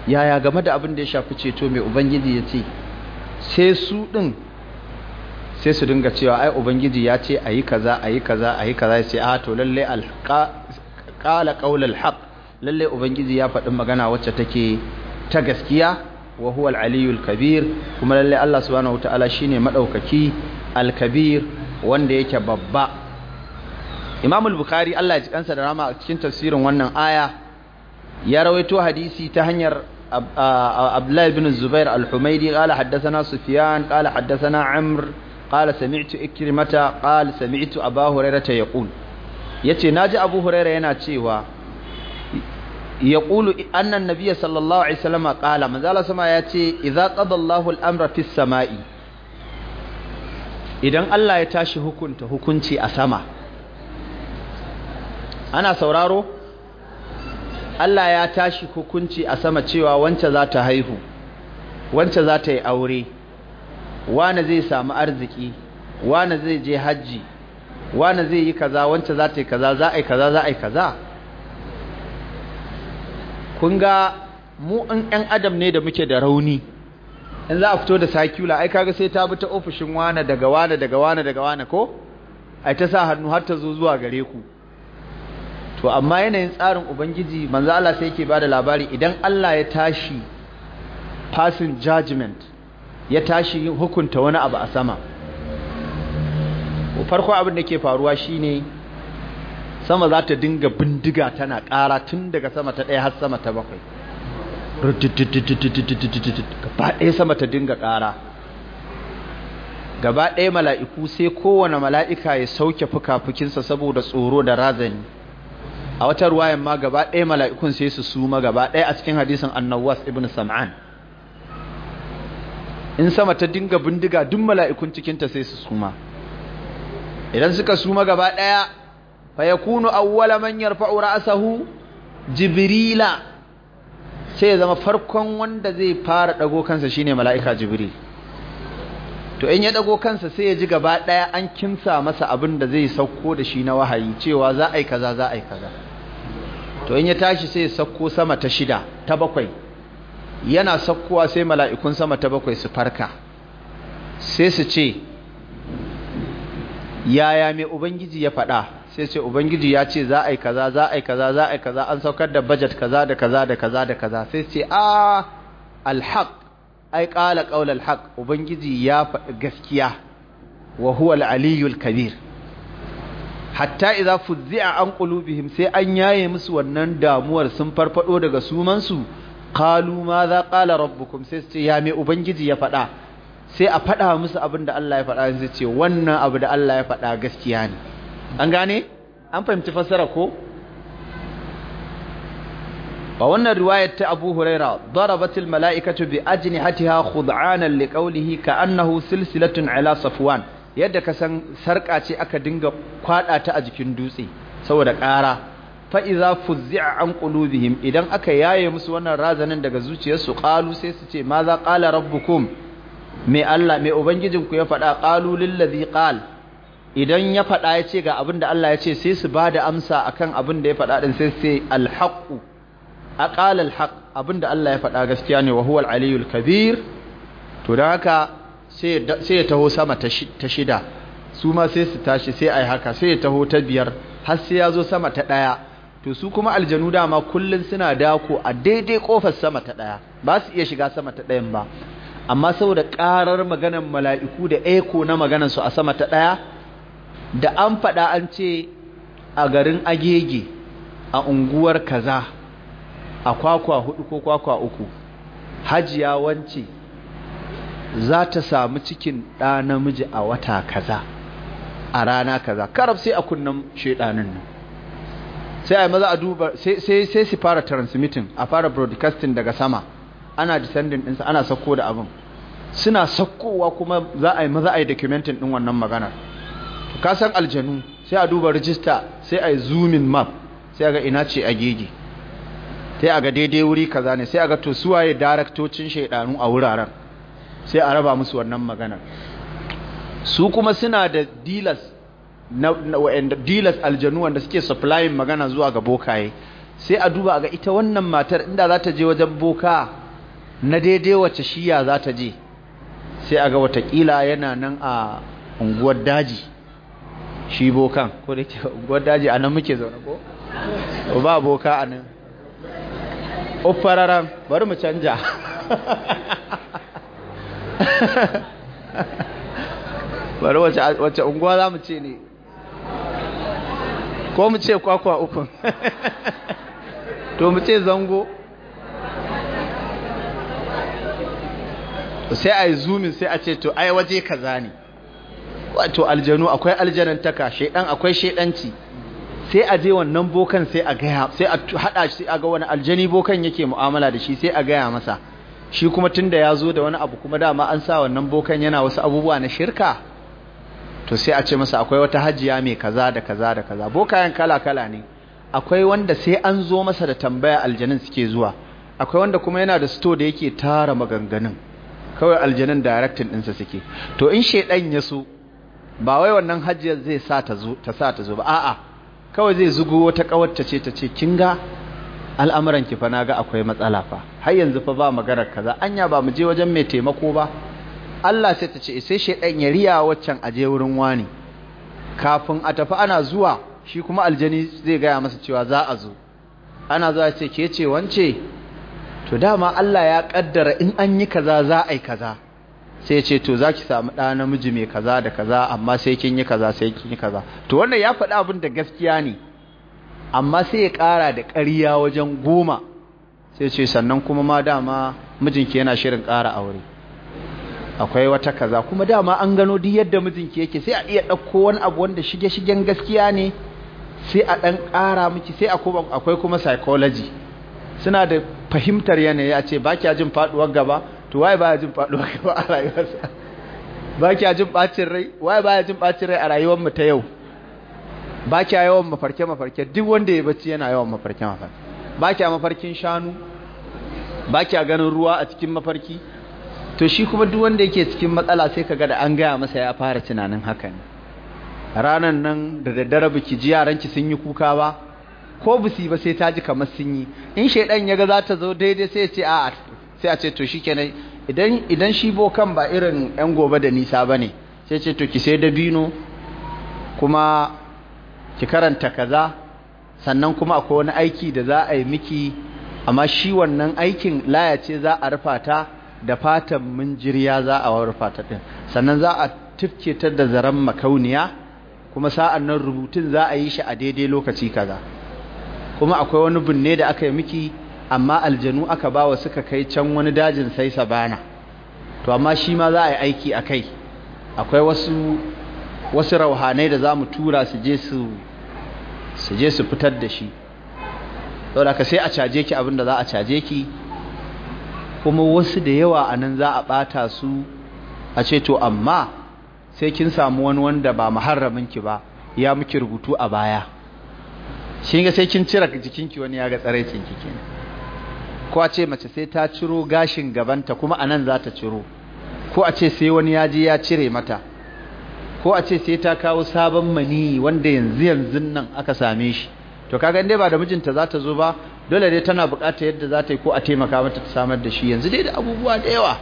S1: yaya game da abin da ya shafi ceto mai ubangiji ya ce sai su din sai su dinga cewa ai ubangiji ya ce a yi kaza yi kaza yi kaza ya ce ah to lalle alƙala qaulal haƙ lallai ubangiji ya faɗi magana wacce take ta gaskiya wa Aliyu kuma lallai Allah subhanahu shine madaukaki Alkabir, wanda yake babba Imam bukari bukhari Allah ya ji kansa da rama a cikin tafsirin wannan aya ya rawaito hadisi ta hanyar abdullahi ibn Zubair al-Humaydi qala haddathana Sufyan qala haddathana Amr qala sami'tu Ikrimata qala sami'tu Abu Hurairah yaqul yace naji Abu Hurairah yana cewa yaqulu anna an-nabiy sallallahu alaihi wasallam qala manzala sama yace idza qada Allahu al-amra fis sama'i idan Allah ya tashi hukunta hukunci a sama ana sauraro Allah ya tashi hukunci a sama cewa wance za ta haihu wance za ta yi aure wane zai samu arziki wane zai je hajji wane zai yi kaza wance za ta yi kaza za a yi kaza za a yi kaza kun ga mu in 'yan adam ne da muke da rauni in za a fito da sakula ai kaga sai ta bi ta ofishin wane daga wane daga wane daga wane ko ai ta sa hannu har ta zo zuwa gare ku to amma yanayin tsarin ubangiji manzo Allah sai yake bada labari idan Allah ya tashi passing judgment ya tashi hukunta wani abu a sama Ko farko abin da ke faruwa shine sama za ta dinga bindiga tana ƙara tun daga sama ta ɗaya har sama ta bakwai gaba ɗaya sama ta dinga ƙara gaba ɗaya mala'iku sai kowane mala'ika ya sauke fuka-fukinsa saboda tsoro da razani a wata ruwayan ma gaba ɗaya mala'ikun sai su suma gaba ɗaya a cikin hadisin annawas ibn sam'an in sama ta dinga bindiga duk mala'ikun cikinta sai su suma idan suka suma gaba ɗaya fa yakunu awwala man yarfa'u ra'sahu jibrila sai ya zama farkon wanda zai fara dago kansa shine mala'ika jibril to in ya dago kansa sai ya ji gaba ɗaya an kinsa masa abin da zai sauko da shi na wahayi cewa za a yi kaza za a yi kaza to in ya tashi sai ya sakko sama ta shida ta bakwai yana sakkowa sai mala'ikun sama ta bakwai su farka sai su ce yaya mai ubangiji ya faɗa sai ce ubangiji ya ce za a yi kaza za a yi kaza za a yi kaza an saukar da bajet kaza da kaza da kaza da kaza sai ce a alhaq ai ƙala ƙaunar alhaq ubangiji ya faɗi gaskiya wa huwa aliyul kabir hatta iza fuzzi'a an qulubihim sai an yaye musu wannan damuwar sun farfado daga sumansu qalu ma za qala rabbukum sai ce ya me ubangiji ya faɗa sai a fada musu abin da Allah ya faɗa sai ce wannan abu da Allah ya faɗa gaskiya ne an gane an fahimci fasara ko ba wannan riwayar ta Abu Huraira darabatil mala'ikatu bi ajnihatiha khud'anan liqawlihi ka'annahu silsilatun ala safwan yadda ka san sarƙa ce aka dinga kwaɗata ta a jikin dutse saboda ƙara fa'iza fuzzi'a an qulubihim idan aka yaye musu wannan razanin daga zuciyarsu qalu sai su ce ma za qala rabbukum me Allah me ku ya faɗa qalu ladhi qal idan ya faɗa ya ce ga abin da Allah ya ce sai su ba da amsa akan abin da ya faɗa din sai sai alhaqu aqala alhaq abin da Allah ya faɗa gaskiya ne wa huwal aliyul kabir to dan haka sai ya taho sama ta shida su ma sai su tashi sai yi haka sai ya taho ta biyar har sai ya zo sama ta ɗaya to su kuma aljanu dama kullum suna dako a daidai ƙofar sama ta ɗaya ba su iya shiga sama ta ɗayan ba amma saboda ƙarar maganan mala'iku da eko na su a sama ta ɗaya da an faɗa an ce a garin agege a unguwar kaza a kwakwa hudu ko kwakwa uku hajiya wance za ta samu cikin ɗa namiji a wata kaza a rana kaza karab sai a kunnan shaidanin nan sai a maza a duba sai su fara transmitting a fara broadcasting daga sama ana descending ɗinsa ana sakko da abin suna sakkowa kuma za a yi maza a yi documenting ɗin wannan maganar ka san aljanu sai a duba rijista sai a yi zoomin map sai a ga ina ce a gege sai a ga daidai wuri kaza ne sai a ga to suwaye daraktocin shaidanu a wuraren sai a raba musu wannan maganar su kuma suna da dealers na wa'anda dealers aljanu wanda suke supplying magana zuwa ga bokaye sai a duba ga ita wannan matar inda za ta je wajen boka na daidai wacce shiya za ta je sai a ga watakila yana nan a unguwar daji shi bokan ko da ke unguwar daji a nan muke zaune ko ba boka a nan ofararan bari mu canja *laughs* *laughs* bari wacce unguwa za mu ce ne ko mu ce kwakwa ukun *laughs* to mu ce zango sai a yi zumin sai a ce to ai waje kaza ne wato aljanu akwai aljanantaka shaidan akwai shaidanci sai a je wannan bokan sai a gaya sai a hada shi a ga wani aljani bokan yake mu'amala da shi sai a gaya masa shi kuma tun da ya zo da wani abu kuma dama an sa wannan bokan yana wasu abubuwa na shirka to sai a ce masa akwai wata hajiya mai kaza da kaza da kaza bokayen kala kala ne akwai wanda sai an zo masa da tambaya aljanin suke zuwa akwai wanda kuma yana da sto da yake tara maganganun kawai aljanin directin ɗinsa suke to in shaidan ya so ba wai wannan hajiyar zai sa ta zo ta sa ta zo ba a'a kawai zai zugo wata ta ce ta ce kinga al'amuran ki fa na ga akwai matsala fa har yanzu fa ba maganar kaza anya ba mu je wajen mai taimako ba Allah sai ta ce sai shedan ya waccan aje wurin wani kafin a tafi ana zuwa shi kuma aljani zai gaya masa cewa za a zo ana zuwa ce ke ce wance to dama Allah ya kaddara in an yi kaza za a yi kaza sai ce to za ki samu ɗa namiji mai kaza da kaza amma sai kin yi kaza sai kin yi kaza to wannan ya faɗi abin da gaskiya ne amma sai ya ƙara da ƙariya wajen goma sai ce sannan kuma ma dama mijinki yana shirin ƙara aure akwai wata kaza kuma dama an gano duk yadda mijinki yake sai a iya ɗauko wani abu wanda shige-shigen gaskiya ne sai a ɗan ƙara miki sai akwai kuma psychology suna da fahimtar yanayi a ce ba kya jin faɗuwar gaba to waye ba ya jin faɗuwar gaba a rayuwarsa ba kya jin ɓacin rai waye ba ya jin ɓacin rai a rayuwarmu ta yau ba kya yawan mafarke mafarke duk wanda ya bacci yana yawan mafarke mafarke ba kya mafarkin shanu ba kya ganin ruwa a cikin mafarki to shi kuma duk wanda yake cikin matsala sai ka da an gaya masa ya fara tunanin haka ne Ranar nan da daddare biki ji yaranki sun yi kuka ba ko busi ba sai ta ji kamar sun yi in shedan ga za ta zo daidai sai ya ce a'a sai a ce to shikenan idan idan shi bokan ba irin yan gobe da nisa bane sai ce to ki sai dabino kuma ki karanta kaza sannan kuma akwai wani aiki da za a yi miki amma shi wannan aikin layace ce za a rufa ta da fatan minjiriya za a rufa ta din sannan za a tifke ta da zaren makauniya kuma sa'an nan rubutun za a yi shi a daidai lokaci kaza kuma akwai wani binne da aka yi miki amma aljanu aka bawa suka kai can wani dajin sai sabana to amma shi ma za a yi aiki a kai akwai wasu wasu rauhanai da za mu tura su je su su je su fitar da shi saboda ka sai a caje ki abinda za a caje ki kuma wasu da yawa a nan za a ɓata su a ce to amma sai kin samu wani wanda ba ki ba ya miki rubutu a baya shi ga sai kin cire jikinki wani ya ga ki kenan ko a ce mace sai ta ciro gashin gabanta kuma a nan za ta ciro ko a ce sai wani ya je ya cire mata ko a ce sai ta kawo sabon mani wanda yanzu yanzu nan aka same shi to kaga dai ba da mijinta za ta zo ba dole dai tana bukata yadda za ta yi ko a taimaka mata ta samar da shi yanzu dai da abubuwa da yawa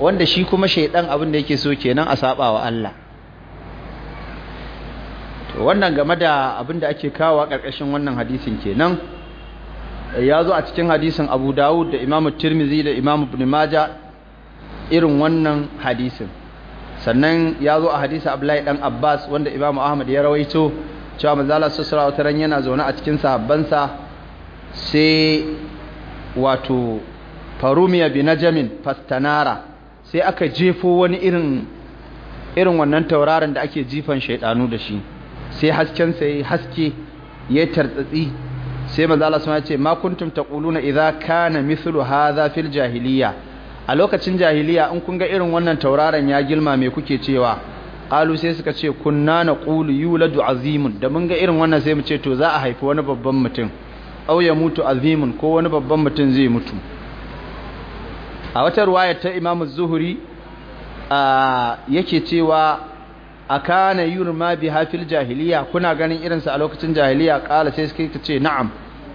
S1: wanda shi kuma shaidan abin da yake so kenan a saba wa Allah to wannan game da abin da ake kawo karkashin wannan hadisin kenan ya zo a cikin hadisin Abu Dawud da Imam Tirmidhi da Imam Ibn Majah irin wannan hadisin sannan ya zo a hadisi abdullahi dan abbas wanda imam ahmad ya rawaito cewa manzala sassara wata ran yana zaune a cikin sahabbansa sai wato farumiya bi jamin fastanara sai aka jefo wani irin wannan tauraron da ake jifan shaidanu da shi sai hasken sai haske ya tartsatsi sai manzala sun ce ma kuntum taquluna idza kana mithlu hadha fil jahiliya a lokacin jahiliya in kun ga irin wannan tauraron ya girma mai kuke cewa ƙalu sai suka ce kunna ƙulu yuladu azimun da mun ga irin wannan sai mu ce to za a haifi wani babban mutum ya mutu azimun ko wani babban mutum zai mutu a wata ruwayar ta imamu zuhuri yake cewa a akana yurma bi hafil jahiliya kuna ganin irinsa a lokacin jahiliya ƙala sai suka ce na'am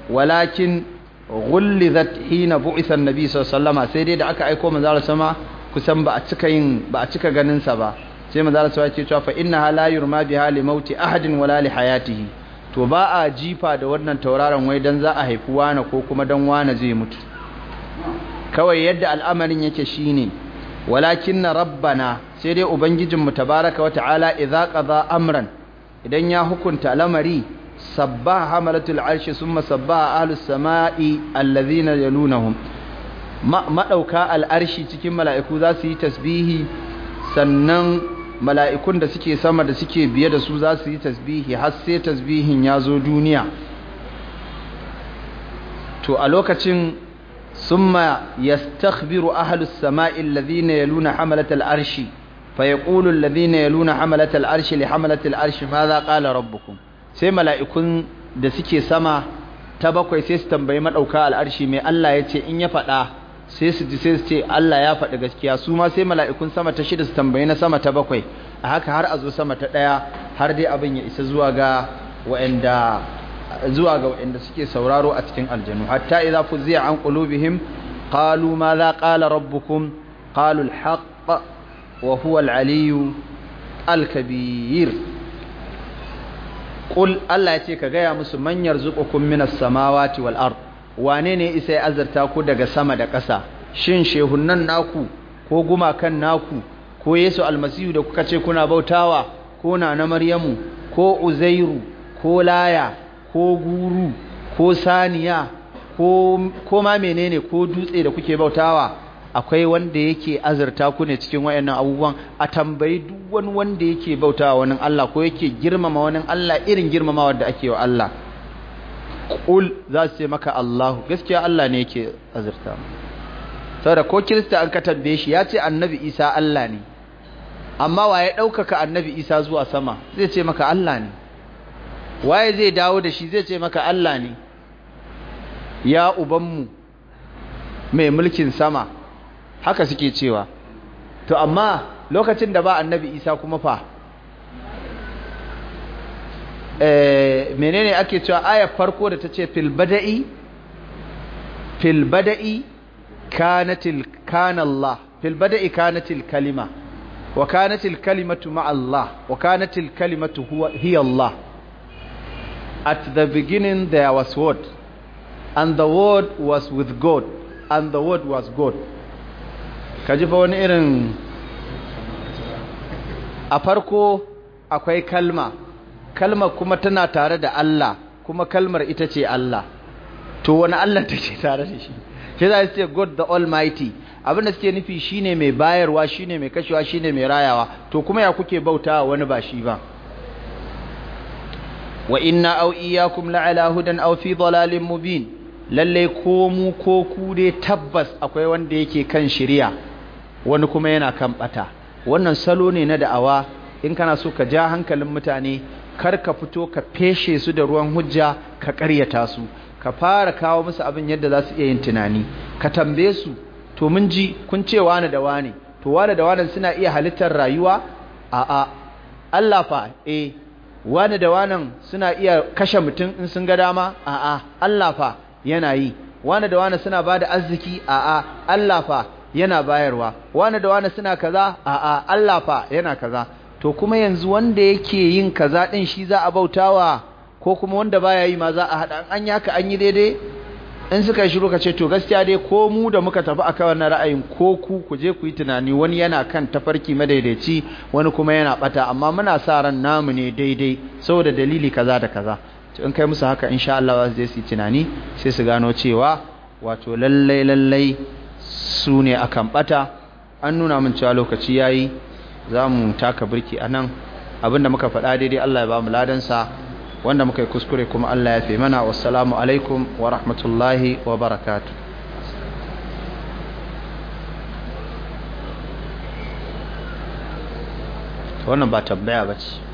S1: walakin ghullizat hina bu'isa annabi sallallahu alaihi sai dai da aka aika manzo sama kusan ba a cika yin ba a cika ganin sa ba sai manzo Allah ya ce cewa fa innaha la yurma biha li mauti ahadin wala li hayatihi to ba a jifa da wannan tauraron wai dan za a haifi wani ko kuma dan wani zai mutu kawai yadda al'amarin yake shine walakin rabbana sai dai ubangijinmu tabaraka wa ta'ala idza qada amran idan ya hukunta lamari sabbaha hamalatul arshi summa sabbaha ahlus sama'i allazina yalunahum madauka al'arshi cikin mala'iku za su yi tasbihi sannan mala'ikun da suke sama da suke biye da su za su yi tasbihi har sai tasbihin ya zo duniya to a lokacin summa yastakhbiru ahlus sama'i allazina yaluna hamalatul arshi فيقول الذين يلون حملة العرش لحملة العرش ماذا قال ربكم sai mala'ikun da suke sama ta bakwai sai su tambayi madauka al'arshi mai Allah ya ce in ya faɗa sai su ji sai su ce Allah ya faɗi gaskiya su ma sai mala'ikun sama ta shida su tambayi na sama ta bakwai a haka har a zo sama ta ɗaya har dai abin ya isa zuwa ga wa'anda zuwa ga wa'anda suke sauraro a cikin aljanu hatta idza fuzi'a an qulubihim qalu ma za qala rabbukum qalu al-haqq wa huwa al-aliyyu ƙul Allah ya ce ka gaya musu manyar zuƙukun minas samawati wal ard wane ne isa ya azarta ku daga sama da ƙasa shin nan naku ko gumakan naku ko Yesu almasihu da kuka ce kuna bautawa ko na na maryamu ko uzairu ko laya ko guru ko saniya ko ma menene ko dutse da kuke bautawa akwai wanda yake azurta ku ne cikin wayannan abubuwan a tambayi duk wani wanda yake bauta wa wani Allah ko yake girmama wani Allah irin girmamawa da ake wa Allah kul za su ce maka Allah gaskiya Allah ne yake azurta saboda ko kirista an ka tambaye shi ya ce annabi Isa Allah ne amma waye ɗaukaka annabi Isa zuwa sama zai ce maka Allah ne waye zai dawo da shi zai ce maka Allah ne ya ubanmu mai mulkin sama haka suke cewa to amma lokacin da ba annabi isa kuma fa eh, menene ake cewa ayar farko da ta ce Fil filbada'i kanatil kanallah filbada'i kanatil kalima wa kanatil kalimatu ma'allah wa kanatil kalimatu hiya Allah at the beginning there was word and the word was with God and the word was God ka ji fa wani irin a farko akwai kalma kalmar kuma tana tare da Allah kuma kalmar ita ce Allah to wani Allah *laughs* ta ce tare da shi shi za ce God the Almighty abinda suke nufi shi ne mai bayarwa shi ne mai kashewa shi ne mai rayawa to kuma ya kuke bauta wani ba shi ba wa inna aw iyyakum la'ala hudan au fi dhalalin mubin lalle ko mu ko ku dai tabbas akwai wanda yake kan shari'a wani kuma yana kan bata wannan salo ne na da'awa in kana so ka ja hankalin mutane kar ka fito ka feshe su da ruwan hujja ka karyata su ka fara kawo musu abin yadda za su iya yin tunani ka tambaye su to mun ji kun ce wani da wani to wani da wani suna iya halittar rayuwa a'a Allah fa eh wani da wani suna iya kashe mutum in sun ga dama a'a Allah fa yana yi wani da wani suna bada arziki a'a Allah fa yana bayarwa wani da wani suna kaza a'a Allah fa yana kaza to kuma yanzu wanda yake yin kaza din shi za a bautawa ko kuma wanda baya yi ma za a hada an yaka an yi daidai in suka shiru ka ce to gaskiya dai ko mu da muka tafi akan wannan ra'ayin ko ku ku je ku yi tunani wani yana kan tafarki madaidaici wani kuma yana bata amma muna sa ran namu ne daidai saboda dalili kaza da kaza to in kai musu haka insha Allah za su je su yi tunani sai su gano cewa wato lallai lallai su ne a bata an nuna min cewa lokaci ya yi za mu taka birki a nan abinda muka faɗa daidai Allah ya ba mu ladansa wanda muka yi kuskure kuma Allah ya fi mana wasu alaikum wa rahmatullahi wa barakatu. wannan ba tambaya ba ce